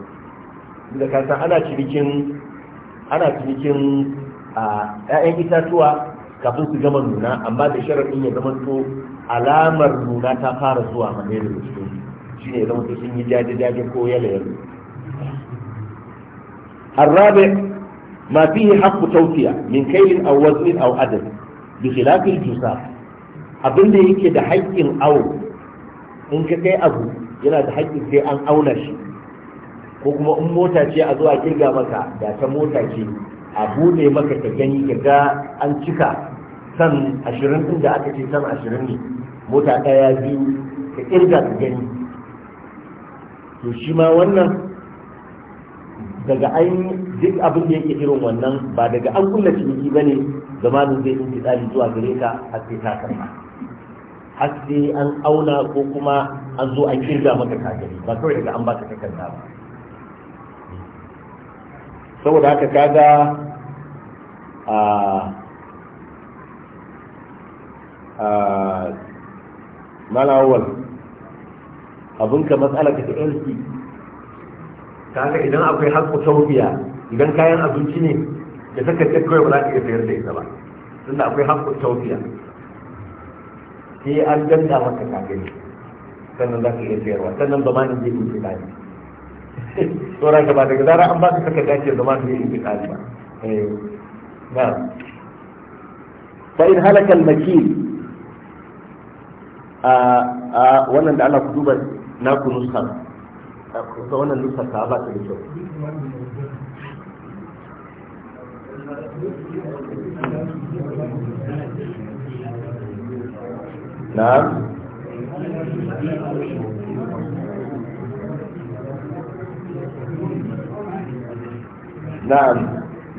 Da ka san ana cinikin ana cinikin a ƴaƴan itatuwa kafin su gama nuna amma da sharaɗin ya zama to alamar nuna ta fara zuwa mane da cikin shi ne zama to sun yi jaje-jaje ko yala yalo الرابع ما فيه حق min من كيل أو وزن adal, عدد بخلاف jusa, abin da yake da haƙƙin awo in ka kai abu yana da haƙƙin sai an auna shi ko kuma in mota ce a zuwa kirga maka da ta mota ce a bude maka ka gani ka ga an cika san ashirin inda aka ce san ashirin ne mota ɗaya biyu ka ƙirga ka gani to shi ma wannan daga an duk abin da yake irin wannan ba daga an kulla ciniki ba ne zamanin zai yi tsari zuwa gare ka har sai ta karɓa har sai an auna ko kuma an zo an kirga maka kagari ba kawai daga an baka takarda ba saboda haka kaga a a malawar abinka matsala ka ta yanki kaga idan akwai haƙƙo taubiya idan kayan abinci ne da saka ce kawai ba za ka iya sayar da ita ba da akwai haƙƙo taubiya sai an ganda maka kafin, sannan za ka iya sayarwa sannan ba ma ne zai ta ne tsoron ka ba daga zara an baka takarda ke zama da yin bikali ba eh, na fa in halaka al-makil a a wannan da ana ku duba na ku nusa ta wannan nusa ta ba ta da kyau na نعم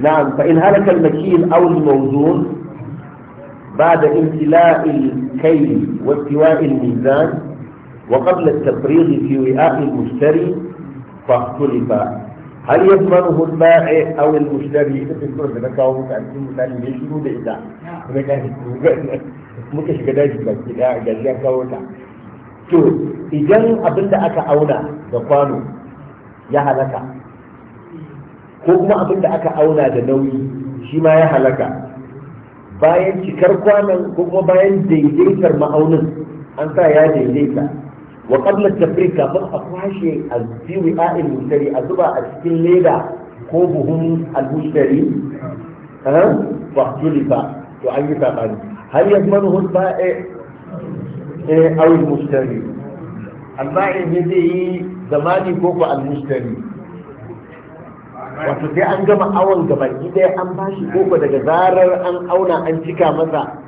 نعم فإن هلك المكيل أو الموزون بعد امتلاء الكيل واستواء الميزان وقبل التفريغ في وعاء المشتري فاختلف هل يضمنه البائع او المشتري تذكر da kawo muku a cikin ko kuma abin da aka auna da nauyi shi ma ya halaka bayan cikar kwanan ko kuma bayan daidaitar ma'aunin an sa ya daidaita wa qabla tafriq kafin a kwashe a biyu a'il mushtari a zuba a cikin leda ko buhun al-mushtari fa tulifa to an yi sabani Har yanzu hul ba'i eh aw eh, al-mushtari al-ba'i zai yi zamani ko ko al-mushtari wato sai an gama awon gabaki ɗaya an bashi koko daga zarar an auna an cika masa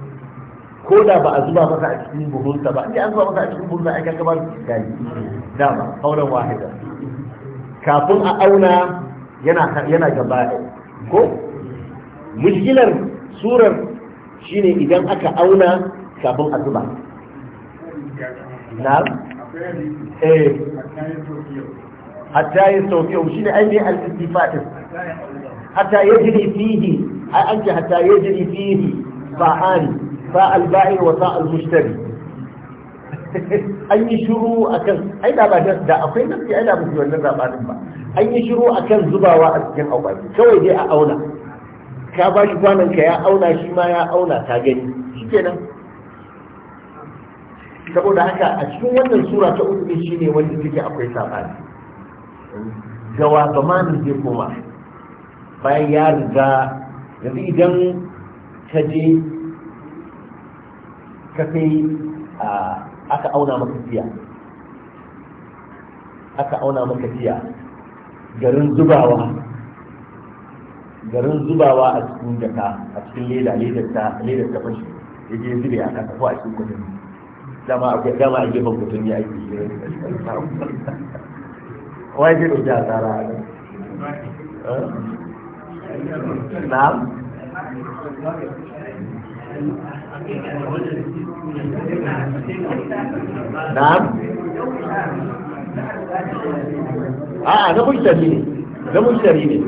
ko da ba a zuba masa a cikin buhunsa ba sai an zuba masa a cikin buhunsa a kan ba su gani dama auren wahida kafin a auna yana yana gaba ko mushkilar surar shine idan aka auna kafin a zuba na eh hatta ya sauke ne ainihin al-istifatin hatta ya jiri fihi ai an hatta ya jiri fihi sa'ani sa al-ba'in wa sa al an yi shiru akan ai da ba da akwai gaske ai da musu wannan zabarin ba an yi shiru akan zubawa a cikin akwati kawai dai a auna ka ba kwanon ka ya auna shi ya auna ta gani shikenan saboda haka a cikin wannan sura ta uku shine wanda take akwai sabani gawa ba ma ni zai koma bayan ya riga yanzu idan ka je ka kai aka auna maka tiya aka auna maka tiya garin zubawa garin zubawa a cikin jaka a cikin leda ledar ta ledar ta fashi ya je zube a kasa ko a cikin kudin dama a gefen kudin ya aiki wai zai ɗauki asara eh? na'am na'am a'a na mushtari ne na mushtari ne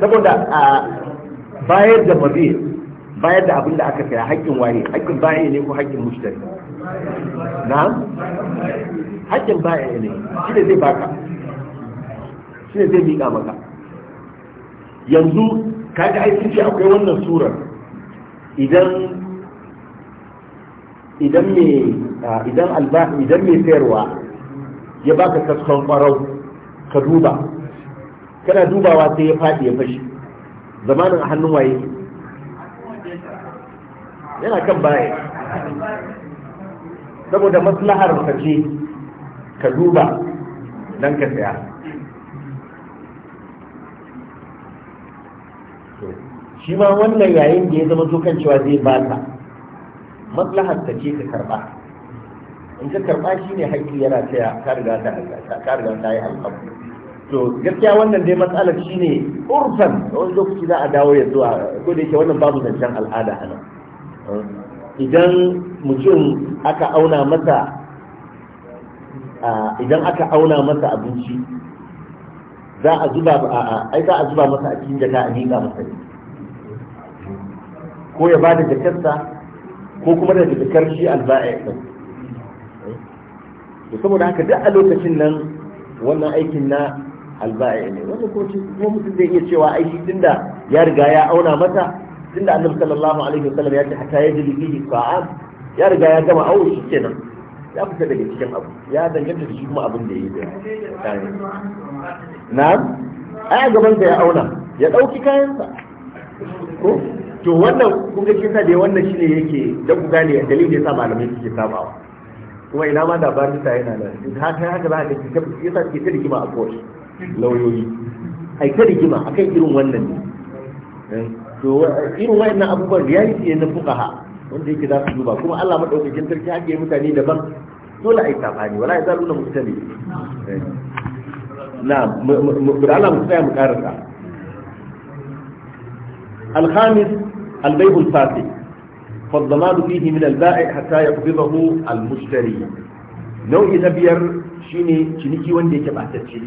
saboda a bayar da mabiya bayar da abin da aka saya haƙƙin waye haƙƙin ba'i ne ko haƙƙin mushtari na haƙƙin ba'i ne shine zai baka shine zai miƙa maka yanzu kaga ai sun ce akwai wannan surar idan idan me idan alba idan me sayarwa ya baka kaskon farau ka duba kana dubawa sai ya faɗi ya fashi zamanin a hannun waye yana kan baya saboda maslahar ka ce ka duba don ka saya shi ma wannan yayin da ya zama kan cewa zai bata maslahar ta ce ka karba in ka karba shi ne haƙƙi yana taya ka riga ta yi alƙabu to gaskiya wannan dai matsalar ne urfan wani lokaci za a dawo ya zuwa ko da yake wannan babu zancen al'ada a nan idan mutum aka auna masa ah, idan aka auna masa abinci za a zuba ah, ah, ai za a zuba masa a cikin jaka a miƙa masa ne ko ya bada jakarsa ko kuma da jakar shi alba'a ya to saboda haka duk a lokacin nan wannan aikin na alba'a ne wannan kuma mutum zai iya cewa aiki tunda ya riga ya auna mata tunda annabi sallallahu alaihi sallam ya ce hatta ya jili bihi sa'an ya riga ya gama awo shi kenan ya fita daga cikin abu ya danganta da shi kuma abin da ya yi na ai gaban sa ya auna ya dauki kayansa ko to wannan kun ga kisa da wannan shine yake da ku gane dalilin da yasa malamai suke sabawa kuma ina ma da ba ta yana nan haka haka za ka ga yasa ke ta rigima a kowace lauyoyi ai ta rigima akan irin wannan ne eh? to irin wayannan abubuwan reality ne na fukaha wanda yake za su duba kuma Allah madaukakin sarki hake mutane daban dole ai tafani wala ya zaluna mutane na mu da Allah mu tsaya mu karanta al-khamis al-bay'u al-fasid min فيه من البائع حتى يقبضه المشتري nau'i na biyar shine ciniki wanda yake batacce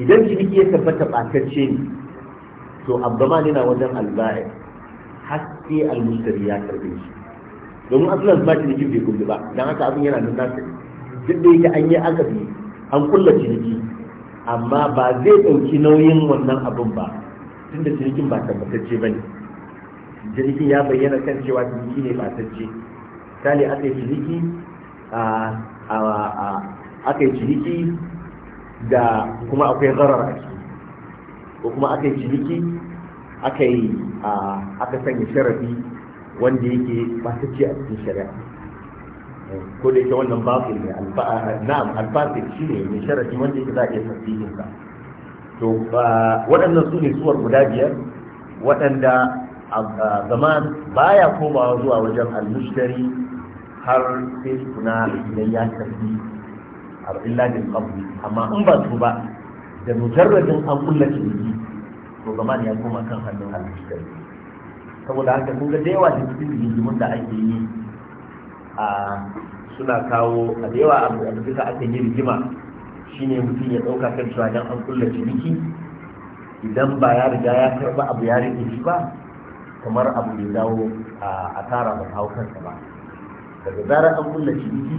idan ciniki ya tabbata batacce ne to Abba abdaman yana wajen alba'i haske almustari ya karbe shi domin asalin ba jikin bai kulle ba don haka abin yana nan nasa duk da yake an yi akabi an kulla ciniki amma ba zai ɗauki nauyin wannan abin ba tun da cinikin ba tabbatacce ba ne jirgin ya bayyana kan cewa ciniki ne batacce misali aka yi ciniki a aka yi ciniki da kuma akwai zarar a ko kuma aka yi ciniki aka yi aka sanya sharafi wanda yake ba ta a cikin shari'a eh, ko da yake wannan batil ne na'am alfasil shi ne mai sharafi wanda yake za a iya tasbihin sa to waɗannan su ne suwar guda biyar waɗanda zaman baya komawa zuwa wajen almushtari har sai kuna idan ya tafi a illa din qabli amma in ba su ba da mujarradin an kulla ciniki to zaman ya koma kan hannun alhikari saboda haka kun ga da yawa da cikin rigimin da ake yi a suna kawo a da yawa abu da duka aka yi rigima shine mutum ya ɗauka kan cewa dan an kulla ciniki idan ba ya riga ya karɓa abu ya rike shi ba kamar abu da dawo a tara ba hau kansa ba daga zarar an kulla ciniki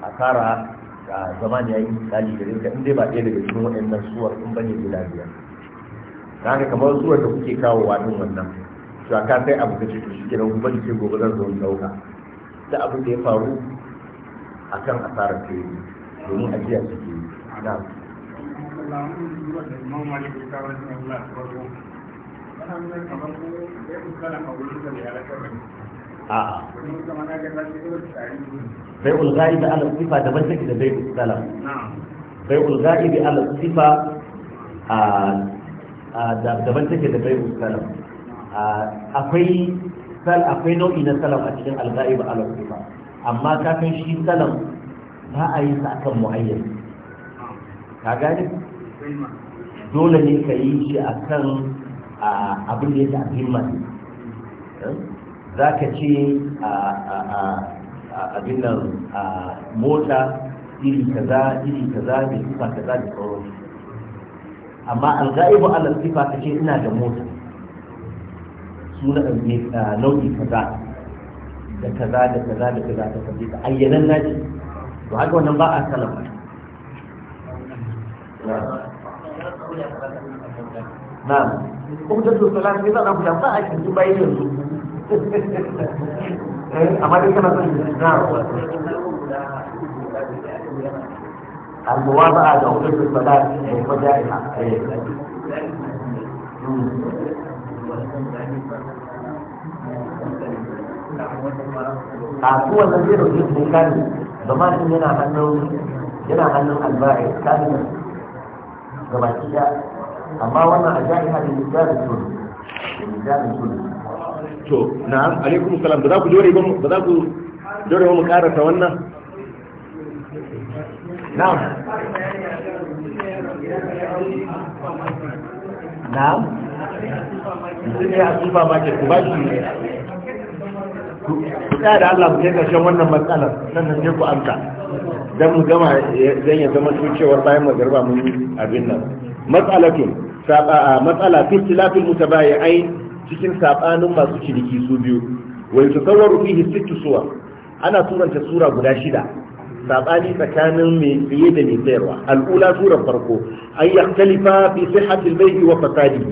a tara zaman ya yi misali gare ka in dai ba ɗaya daga cikin waɗannan suwar in bane guda biyar haka kamar suwar da kuke kawo waɗin din wannan to ka kai abu ka ce to shike nan kuma ce gobe zan zaune in dauka da abin da ya faru a kan asarar ta yi domin ajiya ke yi na a'a bai ulgari da ala sifa daban take da bai salam bai ulgari da ala sifa daban take da bai salam akwai sal akwai nau'i na salam a cikin algari ba ala sifa amma kafin shi salam ba a yi sa akan mu'ayyan ka gani? dole ne ka yi shi akan abin da ya ta himma eh? za ka ce abin nan a mota iri kaza iri kaza da sifa kaza da sauran amma alga'ibu ala sifa ta ce ina da mota suna eh, nau'i kaza da kaza da kaza da kaza da kaza da ayyanan naji to haka wannan ba a salama na kuma da su salama ne za a guda ba a cikin bayan yanzu *laughs* إيه؟ أمريكا ما تجد الموافقة لأوقات الصلاة وجائحة إيه؟ هو إيه؟ الذي يجب كان ضمان لنا أنه لنا أنه الباعث كان gabaki da amma wannan a jahi hadin da da to na'am alaikum salam ba za ku jore ba za ku jore mu karanta wannan na'am na'am mutum ya asuba ma ke ku ba shi ku da Allah ku kai karshen wannan matsalar sannan sai ku amsa dan mu gama zan ya zama cewar bayan magarba mun abin nan matsalatun matsala fi tilafil mutabayi'ain cikin saɓanin masu ciniki su biyu wa yutasawwaru fihi sittu suwa ana suranta sura guda shida sabani tsakanin mai tsaye da mai sayarwa al'ula surar farko an yaktalifa fi sihhatil bai'i wa fasadi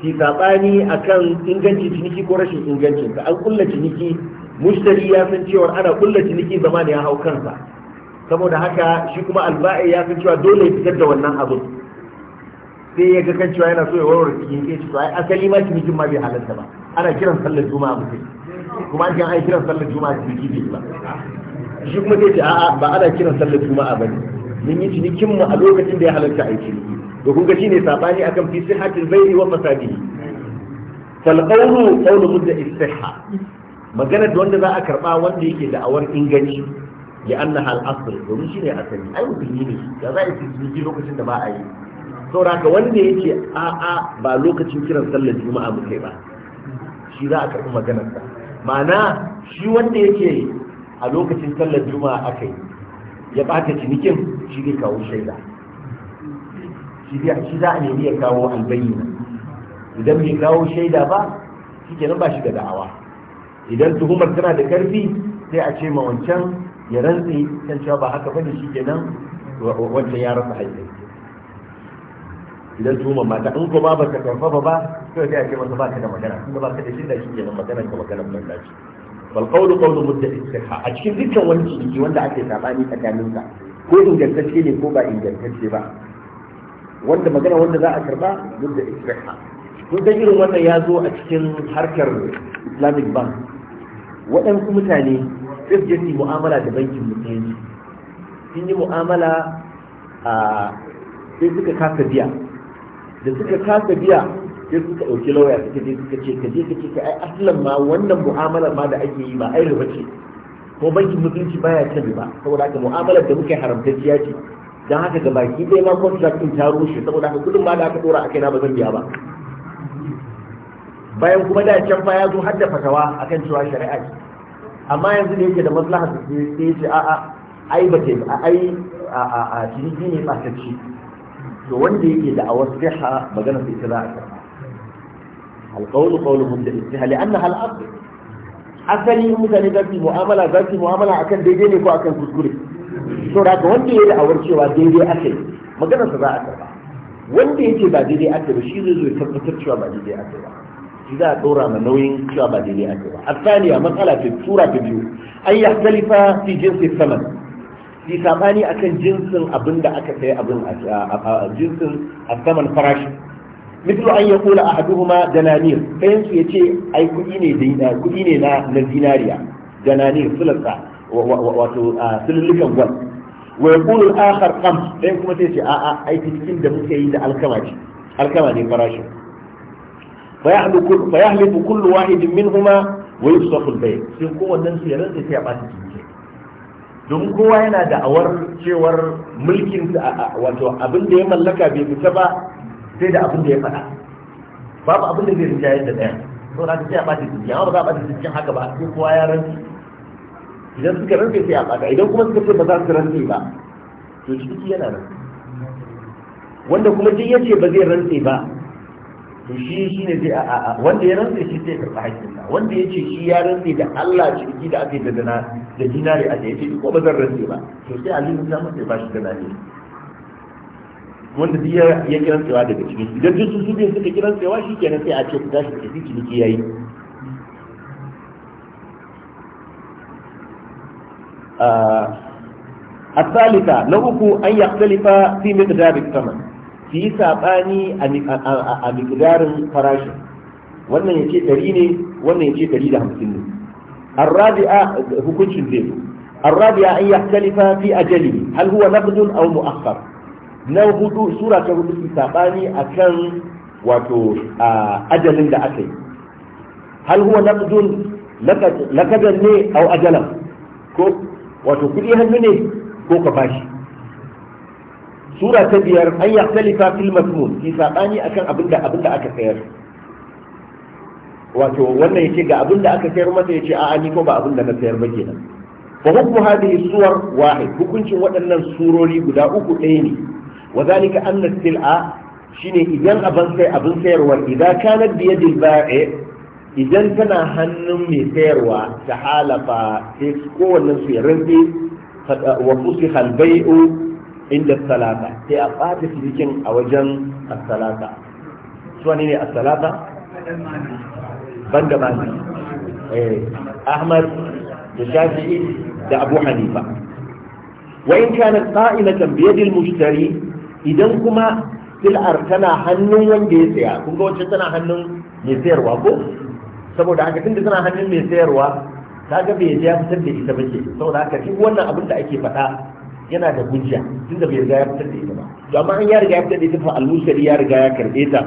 fi saɓani akan inganci ciniki ko rashin ingancin an kulla ciniki mushtari ya san cewa ana kulla ciniki zama ne ya hau kansa saboda haka shi kuma alba'i ya san cewa dole ya fitar da wannan abun. sai ya ga kan cewa yana so ya warware cikin ke cewa ai asali ma jin ma bai halarta ba ana kiran sallar juma'a muke kuma an ai kiran sallar juma'a ciniki bai ba shi kuma sai ce a'a ba ana kiran sallar juma'a bane mun yi cinikin mu a lokacin da ya halarta ai ciniki to kun ga shine sabani akan fi sihhatil zai wa fasadihi fal qawlu qawlu mudda as magana da wanda za a karba wanda yake da'awar ingani ya annaha al asr domin shine asali ai mutum ne da za a yi ciniki lokacin da ba a yi saura ga wanda yake a a ba lokacin kiran sallar juma'a muke ba shi za a karɓi maganarsa ma'ana shi wanda yake a lokacin sallar juma'a aka yi ya ɓata cinikin shi zai kawo shaida shi za a nemi ya kawo albayyana idan bai kawo shaida ba shi kenan ba shi da da'awa idan tuhumar tana da karfi sai a ce ma wancan ya rantse kan cewa ba haka bane shi kenan wancan ya rasa haƙƙi idan tuhumar mata in ko ba ba karfafa ba to sai a ce masa ba ka da magana kuma ba ka da shirya shi kenan magana ka magana ban dace bal qawlu qawlu muddati a cikin dukkan wani ciniki wanda ake sabani tsakanin ka ko ingantacce ne ko ba ingantacce ba wanda magana wanda za a karba muddati sihha kun san irin wannan ya zo a cikin harkar islamic bank waɗansu mutane sai su mu'amala da bankin musulunci sun yi mu'amala a ah, sai suka kasa biya da suka kasa biya sai suka ɗauki lauya suka je suka ce ka je ka ce ka ai aslan ma wannan mu'amalar ma da ake yi ba ai riba ce ko bankin mutunci baya cin riba saboda haka mu'amalar da muke haramtacciya ce don haka ga baki ɗaya ma contract ɗin ta rushe saboda haka kudin ma da aka ɗora a na ba zan biya ba bayan kuma da can fa ya zo har da fatawa akan cewa shari'a ce amma yanzu da yake da maslaha sai ya ce a'a ai ba ta ai a ciniki ne ɓatacci to wanda yake da awar siha magana su ita za a karɓa alƙawlu ƙawluhum da istiha li'annaha al-asl asali in mutane za su yi mu'amala za su yi mu'amala akan daidai ne ko akan kuskure to da wanda ya yi da'awar cewa daidai ake magana sa za a karɓa wanda yake ba daidai ake ba shi zai zo ya tabbatar cewa ba daidai ake ba shi za a ɗora ma nauyin cewa ba daidai ake ba a tsaniya matsala ta tura ta biyu an yi halifa fi jinsi saman fi sabani akan jinsin abin da aka sai abin a jinsin a saman farashi mislu an yaqula ahaduhuma dananir kayan su yace ai kudi ne da kudi ne na na dinariya dananir sulasa wato sululukan gwal wa yaqulu al-akhar qam kayan kuma sai ce a a ai cikin da muke yi da alkama ce alkama ne farashin fa yahliku fa yahliku kullu wahidin minhuma wa yusrafu al-bay sai kowannen su ya rantsa sai ya bata don kowa yana da awar cewar mulkin wato abin da ya mallaka bai fita ba sai da abin da ya faɗa babu abin da zai rinja yadda ɗaya so na sai a ɓata cikin Yawa ba za a ɓata cikin haka ba sai kowa ya rantsi idan suka rantsi sai a ɓata idan kuma suka ce ba za su rantsi ba to ciki yana nan wanda kuma duk yace ba zai rantsi ba to shi shi ne zai a wanda ya rantsa shi zai karɓi haƙƙinsa wanda ya ce shi ya rantsa da Allah shi ciniki da ake da dana da dinari a ya ce ko ba zan rantsa ba to sai Ali bin samu sai ba shi da nani wanda duk ya ya kirantsewa daga cikin idan duk su biyu suka wa shi kenan sai a ce ku tashi da ciniki yayi a الثالثة لو أن يختلف في مقدار الثمن su yi saɓani a miƙdarin farashin wannan ya ce ɗari ne wannan ya ce ɗari da hamsin ne الرابعة هكونش الزيرو الرابعة أن يختلف في أجله هل هو نقد أو مؤخر نوهد سورة كربس ساباني أكن واتو أجل دا أكي هل هو نقد لقد لي أو أجلا كو واتو كل يهنني كو كباشي sura ta biyar an ya talifa fil masmun ki sabani akan abinda abinda aka sayar wato wannan yace ga abinda aka sayar masa yace a'a ni ko ba abinda na sayar ba kenan fa hukmu hadhihi suwar wahid hukuncin waɗannan surori guda uku ɗaya ne wa zalika anna sil'a shine idan abin sai abin sayarwa idan kana biyadil ba'i idan tana hannun mai sayarwa ta halafa sai kowannen su ya rantsi wa fusiha al-bai'u inda salata sai a ɓata cinikin a wajen Su suwa ne a asalata banda mani eh, ahmad da shafi'i da abu hanifa wa in kana qa'imatan bi yadil mushtari idan kuma sil'ar tana hannun wanda ya saya kun ga wacce tana hannun mai sayarwa ko saboda haka tunda tana hannun mai sayarwa kaga bai ya fitar da ita bace saboda haka duk wannan abin da ake faɗa yana da hujja tunda bai riga ya fitar da ita ba to amma an ya riga ya fitar da ita fa al-mushari ya riga ya karbe ta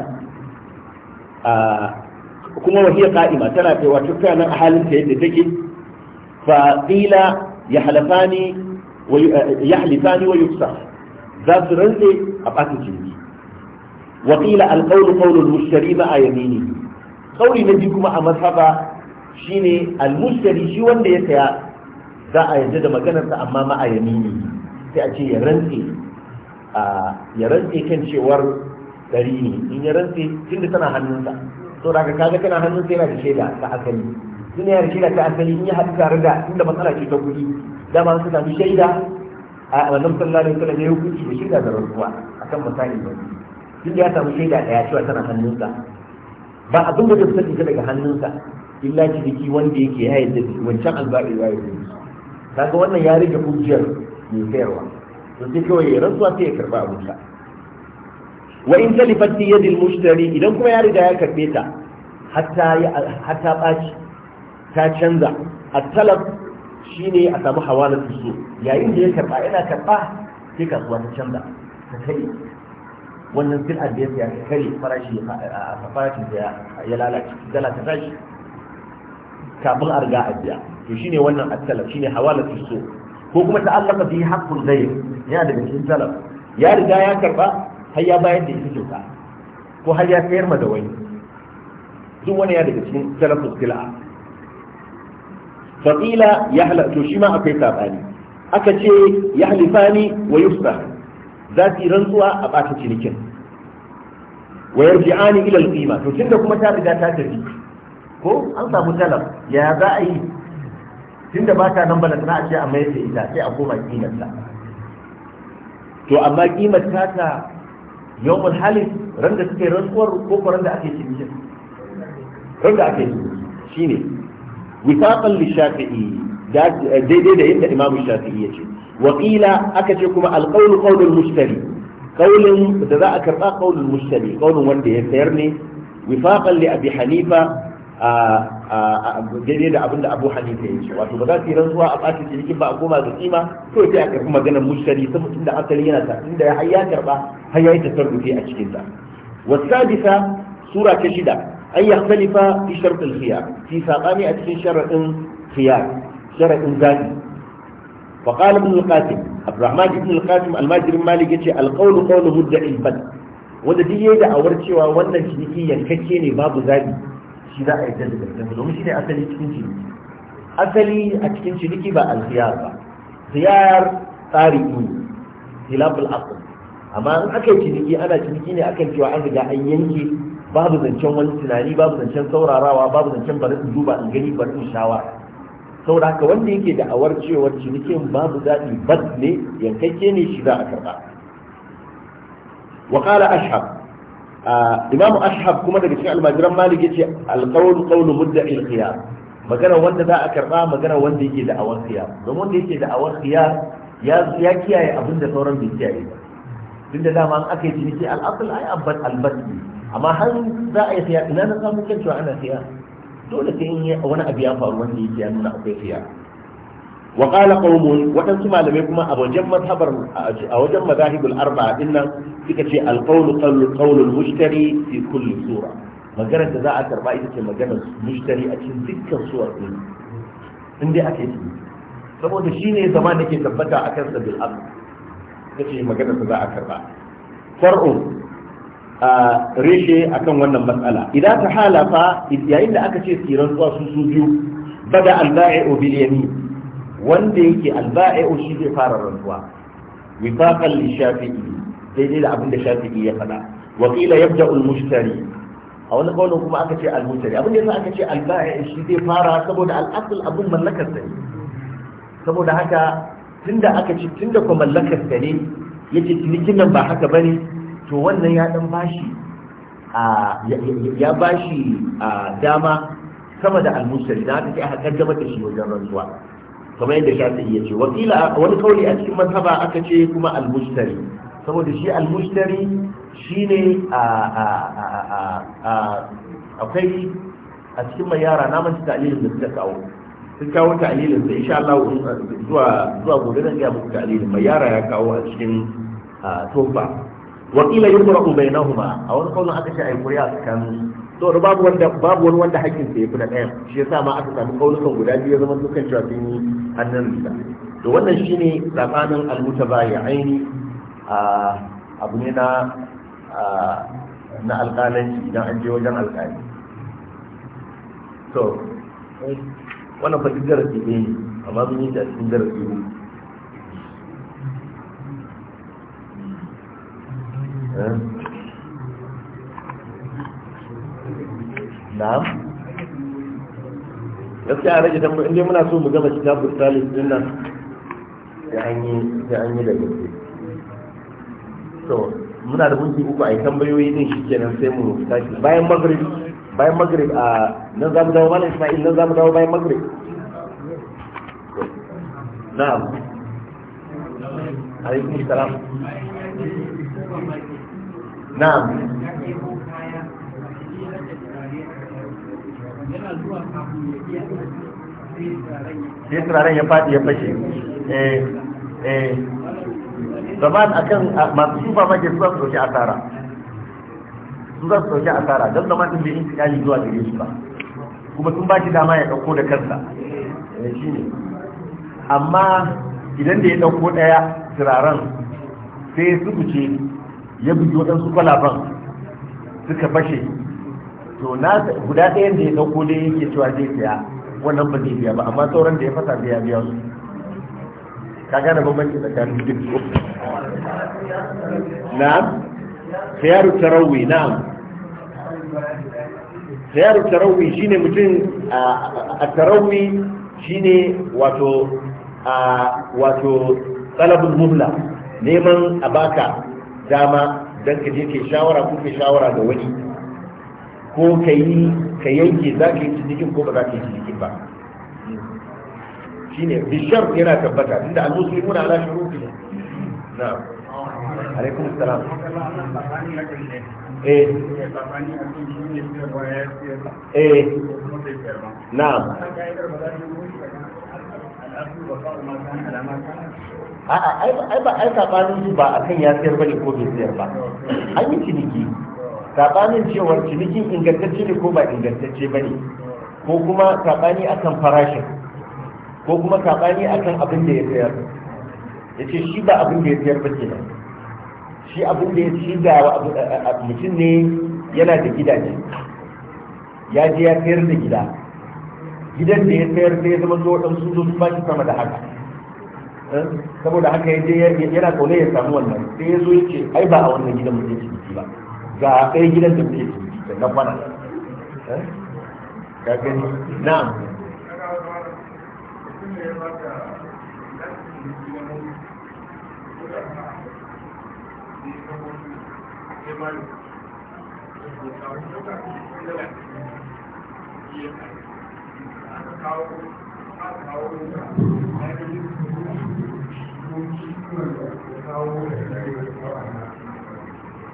kuma wahiya qa'ima tana kaiwa tukka nan a halin ta yadda take fa qila yahlafani wa eh, yahlifani wa yuksa za su rantse a ɓata jini wa qila al-qawlu qawlu al-mushtari ma yamini qawli na biyu kuma a mazhaba shine al-mushtari shi wanda ya saya za a yarda da maganarsa amma ma a yamini sai a ce ya rantse ya rantse kan cewar ɗari ne in ya rantse tunda tana hannunsa to da ka kaga tana hannunsa yana da shaida ta asali tun yana da shaida ta asali in ya haɗu tare da inda matsala ce ta kuɗi dama su sami shaida a wannan sallallahu alaihi kuma ya hukunci da shaida da rantsuwa akan misali ba tun ya samu shaida ɗaya cewa tana hannunsa ba abin da zai fita daga hannunsa illa ciniki wanda yake ya da wancan albari ya yi yadda kaga wannan ya rage hujjar mai sayarwa to kawai ya rantsuwa sai ya karba abinsa wa in talifat yadil mushtari idan kuma ya riga ya karbe ta hatta hatta baci ta canza at-talab shine a samu hawala su yayin da ya karba yana karba sai kasuwa ta canza ta kai wannan sil'ar da ya kare farashi a farashin da ya lalace dala ta tashi kafin a riga a biya to shine wannan at-talab shine hawala su ko kuma ta'allaka fi haqqul ghayr yana da cikin talab ya riga ya karba har ya bayar da ita kyauta ko har ya sayar ma da wani duk wani ya daga cikin talafus sil'a ya yahla to shi ma akwai sabani aka ce ya yahlifani wa yusra za su rantsuwa a bata cinikin wa yarji'ani ila al-qima to tunda kuma ta riga ta tafi ko an samu talab ya za a yi tunda ba ta nan balantana a ce a mayar da ita sai a koma kimarta to amma kimar ta ta yawon halin ran da suke rantsuwar ko ran da ake cikin ran da ake shi ne wisaƙan lishafi'i daidai da yadda imamu shafi'i ya ce wakila aka ce kuma alƙaunin ƙaunin mushtari ƙaunin da za a karɓa ƙaunin mushtari ƙaunin wanda ya sayar ne wifaƙan li abi hanifa daidai da abinda abu hanifa ya ce wato ba za su yi rantsuwa a ɓacin cinikin ba a koma ga kima to sai a karɓi maganar mushari ta mutum da asali yana ta inda har ya karɓa har ya yi tasarrufi a cikin sa wasadisa sura ta shida an yakhtalifa fi shartul khiyar fi saqani a cikin sharadin khiyar sharadin zabi fa ibn al-qasim abdurrahman ibn al-qasim al-majri malik yace al-qawlu qawlu mudda'i al-bad wanda duk yayi da'awar cewa wannan ciniki yankake ne babu zaɓi. shi za a yi jadda domin shi ne asali cikin ciniki asali a cikin ciniki ba alkhiyar ba khiyar tsari ne hilafin asali amma in aka yi ciniki ana ciniki ne akan cewa an riga an yanke babu zancen wani tunani babu zancen saurarawa babu zancen bari in duba in gani bari in shawara saboda haka wanda yake da awar cewa cinikin babu zaɓi bas ne yankakke ne shi za a karɓa wa qala imamu ashab kuma daga cikin almajiran malik yace alqawl qawlu mudda'i alqiyam magana wanda za a karba magana wanda yake da awar khiyar don wanda yake da awar khiyar ya ya kiyaye abin da sauran bai kiyaye ba tunda dama an aka yi ciniki al'asul ai abbat albat amma har za a yi khiyar ina na samu kyan ana khiyar dole sai in wani abu ya faru wanda yake ya nuna akwai khiyar wa qala waɗansu malamai kuma a wajen mazhabar a wajen nan suka ce al qawlu qawlu qawlul mushtari fi kulli maganar da za a karba ita ce maganar mushtari a cikin dukkan suwar din in dai ake yi saboda shine zaman da ke tabbata akan sabil aql za a karba a reshe akan wannan matsala idan ta halafa yayin da aka ce tsiran zuwa su su biyu bada alba'i'u bil yamin wanda yake albai'u shi zai fara rantsuwa wifaqan li shafi'i daidai da abin da shafi'i ya faɗa wa qila yabda'u al-mushtari a wani kawai kuma aka ce al-mushtari abin da yasa aka ce albai'u shi zai fara saboda al-asl abin mallakar sa ne saboda haka tunda aka ce tunda ko mallakar sa ne yace cinikin nan ba haka bane to wannan ya dan bashi ya bashi dama sama da al-mushtari da aka ce aka kaddamar da shi wajen rantsuwa kamar yadda shafi'i ya ce wakila wani kauli a cikin mazhaba aka ce kuma al saboda shi al shi ne akwai a cikin mai yara na mace ta'lilin da suka kawo sun kawo ta'lilin da insha Allah zuwa zuwa gobe zan ga muku ta'lilin mai yara ya kawo a cikin tofa wakila yurqu bainahuma a wani kaulin aka ce ai kuriya tsakanin saboda babu wanda babu wani wanda hakkin sa yafi na ɗaya, shi yasa ma aka samu kaulukan guda biyu zaman dukkan cewa sun yi hannun riga to wannan shine tsakanin almutabayi aini a abu ne na na alƙalanci idan an je wajen alƙali to wannan fa duk darasi ne amma mun yi ta cikin darasi ne eh na'am gaskiya rage tambayi inda muna so mu gama kitabun salis din nan da an yi da an yi da gaske to muna da minti uku a yi tambayoyi din shi kenan sai mu tashi bayan maghrib bayan maghrib a nan za mu dawo malam isma'il nan za mu dawo bayan maghrib na'am alaikum salam na'am sai turaren ya faɗi ya fashe eh eh zaman akan masu sufa ma ke su zasu ɗauki asara su zasu ɗauki asara don zaman din bai intikali zuwa gare shi ba kuma sun ba shi dama ya ɗauko da kansa eh, shi ne amma idan da ya ɗauko ɗaya turaren sai su ce ya bugi waɗansu kwalaban suka fashe to na guda ɗayan da ya ɗauko dai yake cewa zai siya wannan ba zai biya ba amma sauran da ya fasa biya biya su ka gane bambanci tsakanin duk su na khiyaru tarawi na khiyaru tarawi shine mutum a tarawi shine wato a wato talabul mumla neman a baka dama dan ka je ke shawara ko ke shawara da wani ko ka yi ka yanke za ka yi cinikin ko ba za ka yi cinikin ba shine bishar yana tabbata inda zuwa muna ala ne na alaikum salam eh eh na'am a'a ai ba ai sabanin ba kan ya sayar bane ko bai sayar ba an yi ciniki sabanin cewar cinikin ingantacce ne ko ba ingantacce ba ne ko kuma saɓani akan farashin ko kuma saɓani akan abin da ya sayar ya ce shi ba abin da ya sayar ba ke nan shi abin da ya ci ga mutum ne yana da gidaje ya je ya sayar da gida gidan da ya sayar sai ya zama zuwa ɗan su zo su ba shi sama da haka eh, saboda haka ya je yana kaune ya samu wannan sai ya zo ya ce ai ba a wannan gidan mutum ciki ba ga ɗaya gidan da muke da na kwana ka gani na Thank you.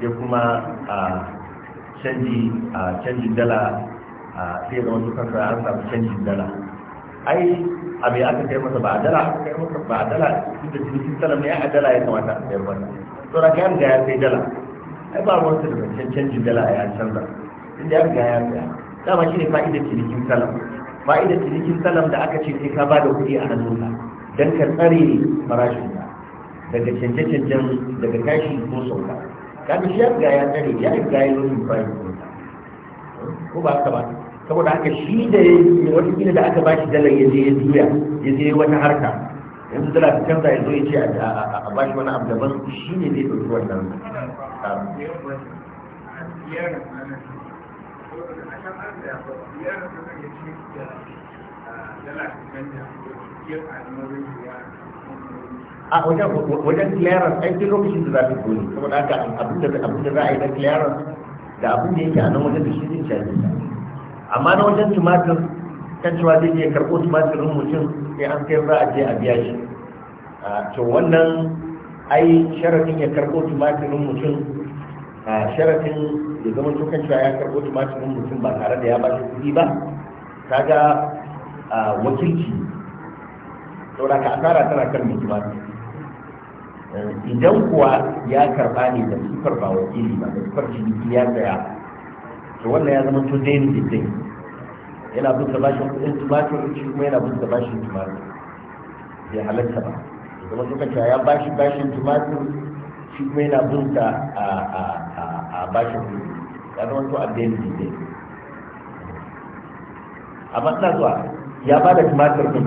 sai kuma a canji a canjin dala a sai da wasu kansa an samu canjin dala ai a mai aka kai masa ba a dala aka kai masa ba a dala duk da jirgin salam ne a dala ya kamata a kai wannan. to da kayan ga ya sai dala ai ba ruwan su da canjin dala yan canza inda ya ga ya saya dama shi ne fa'idar cinikin salam fa'idar cinikin salam da aka ce sai ka ba da kuɗi a hannunka Dan ka tsare farashinka daga canje-canjen daga tashi ko sauka kaga shi ya riga ya tsare ya riga ya yi prime ko ba haka ba saboda haka shi da ya yi wata gina da aka bashi dalar ya je ya juya ya je wata harka yanzu dala ta canza ya zo ya ce a bashi wani abu daban shi ne zai ɗauki wannan Yeah. a wajen wajen clearance ai duk lokacin da za su saboda haka abin da abin da za a yi na clearance da abin da yake a nan wajen da shi zai shafe amma na wajen tumatir kan cewa zai iya karɓo tumatirin mutum sai an kai za a je a biya shi to wannan ai sharafin ya karɓo tumatirin mutum sharafin ya zama to kan cewa ya karɓo tumatirin mutum ba tare da ya ba shi kuɗi ba kaga wakilci saboda ka asara tana kan mai tumatir idan kuwa ya karba ne da sifar ba wakili ba da sifar ciniki ya tsaya to wannan ya zama to daini da daini yana bin da bashin kudin tumatir shi kuma yana bin da bashin tumatir bai halatta ba zama suka ce ya bashi bashin tumatir shi kuma yana bin ta a bashin kudi ya zama to a daini da daini amma ina zuwa ya ba da tumatir din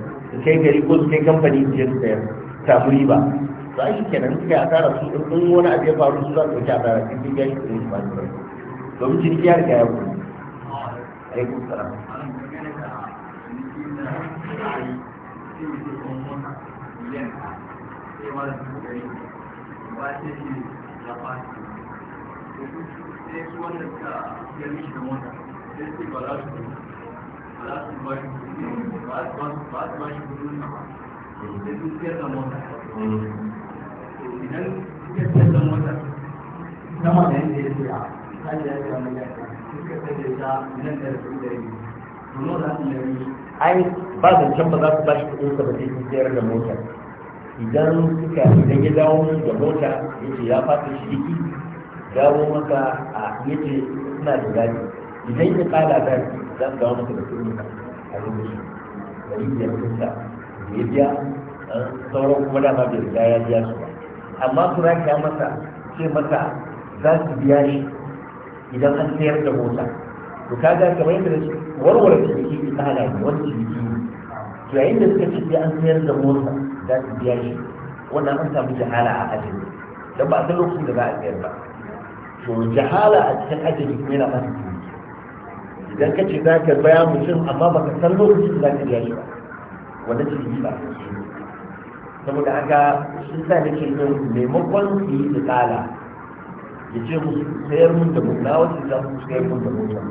kai gari ko su kai kamfani su je su sayar samu riba to ai kenan suka yi asara su in wani abu ya faru su za su ɗauki asara su sun gari kuɗin su ba su domin ciniki ya riga ya kuma alaikum salam sai su wanda idan ba ce da mota da da da kuma ba ba za su ba shi kuɗin sa ba sai sayar da mota idan suka idan ya dawo da mota ya ce ya fata shi yake dawo maka a ya suna da daji idan ya tsada daji za su dawo maka da a rubuci ɗari biyar kusa da ya biya sauran kuma da ma bai riga ya biya su ba amma su raka masa ce masa za su biya shi idan an sayar da mota to kaga kamar yadda warware ciniki ita hana ne wani ciniki to yayin da suka ce sai an sayar da mota za su biya shi wannan an samu jahala a ajali don ba a san lokacin da za a sayar ba to jahala a cikin ajali kuma yana masu idan ka ce za ka baya mutum amma ba ka san lokacin za ka biya shi ba wanda ce yi ba saboda haka sun sa nake yin maimakon su yi tsala ya ce musu sayar mun da mota wacce za su sayar mun da mota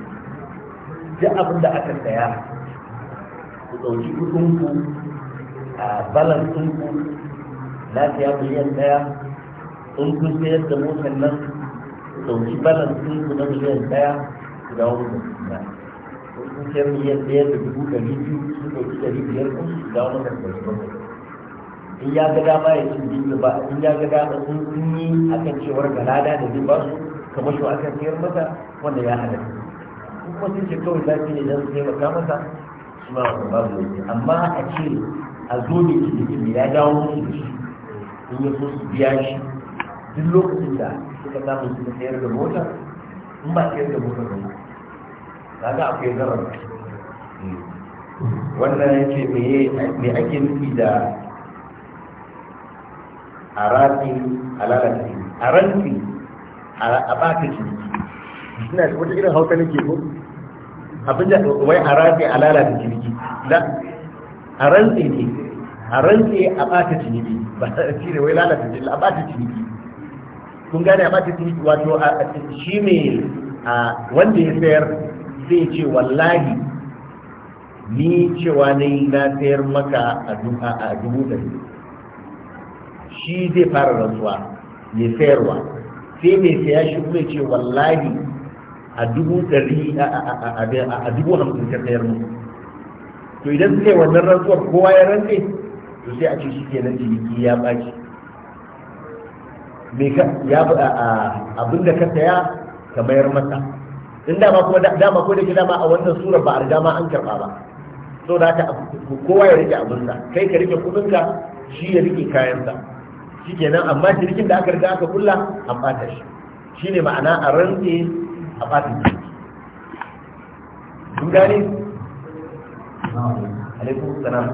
duk abin da aka saya ku ɗauki kuɗinku a balan ɗinku na saya miliyan ɗaya in kun sayar da motar nan ku ɗauki balan ɗinku na miliyan ɗaya su dawo da suna sun ce miliyan ɗaya da dubu ɗari biyu sun ɗauki ɗari biyar kun su dawo da ɗari bakwai in ya ga dama ya cin biyu ba in ya ga dama sun sun yi akan cewar galada da zai ba su kamar shi akan sayar masa wanda ya halatta kuma sun ce kawai zafi ne don su taimaka masa su ma ba babu yi amma a ce a zo ne cikin ya dawo musu da shi in ya so su biya shi duk lokacin da suka samu suka sayar da mota in ba sayar da mota ba kaga akwai zarar wannan ya ce me ake nufi da a rafi halalati a ranti a baka ciniki ina wata irin hausa nake ko abin da wai a rafi a lalata da a rantsi ne a rantsi a bata ciniki ba ci ne wai lalata ciniki a bata ciniki kun gane a bata ciniki wato shi ne wanda ya sayar sai ce wallahi ni cewa na yi na sayar maka a dubu da shi zai fara rantsuwa mai sayarwa sai mai saya shi kuma ce wallahi a dubu ɗari a dubu hamsin ka sayar mu to idan sai wannan rantsuwar kowa ya rantse to sai a ce shi kenan ciniki ya baki. ɓaci abin da ka saya ka mayar masa in dama kuma dama ko da ke dama a wannan sura ba a riga ma an karba ba so da ka kowa ya rike abinsa kai ka rike kudinka shi ya rike kayansa shikenan amma shirkin da aka riga aka kulla an bata shi shine ma'ana a rantse a bata shi kun gane alaikum salam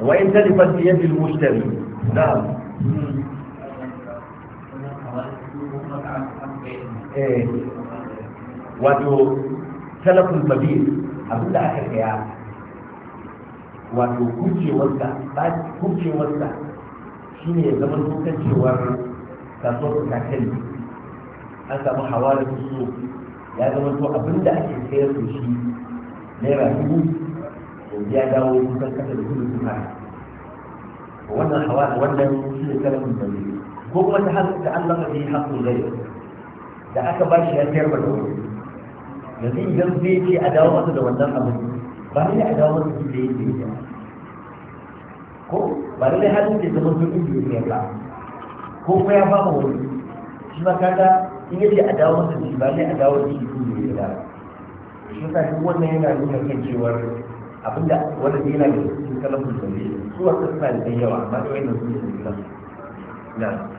wa in talifa yadi al-mushtari na'am Eh, wato talafin babir abinda aka kaya wato kucewarsa kucewarsa shi ne ya zama dukkan cewar kasuwar kakali an samu hawa da su ya zama to abinda ake sayar da shi naira dubu yanzu ya dawo kusan kasa da kudu kuma wannan hawa wannan shi ne talafin babir ko kuma ta da Allah ka yi haƙƙin zai da aka ba shi ya sayar ba da wani yanzu idan zai ce a dawo masa da wannan abin ba ne a dawo masa da yake yi ko ba ne halin da zama sun yi ya ba ko kuma ya fama wani shi ma kaga in yace a dawo masa da ba ne a dawo da shi ya da shi yasa duk wannan yana nuna kan cewar abinda wanda zai yana da cikin kalafin da ne su wasu suna da yawa amma da wayannan su ne da na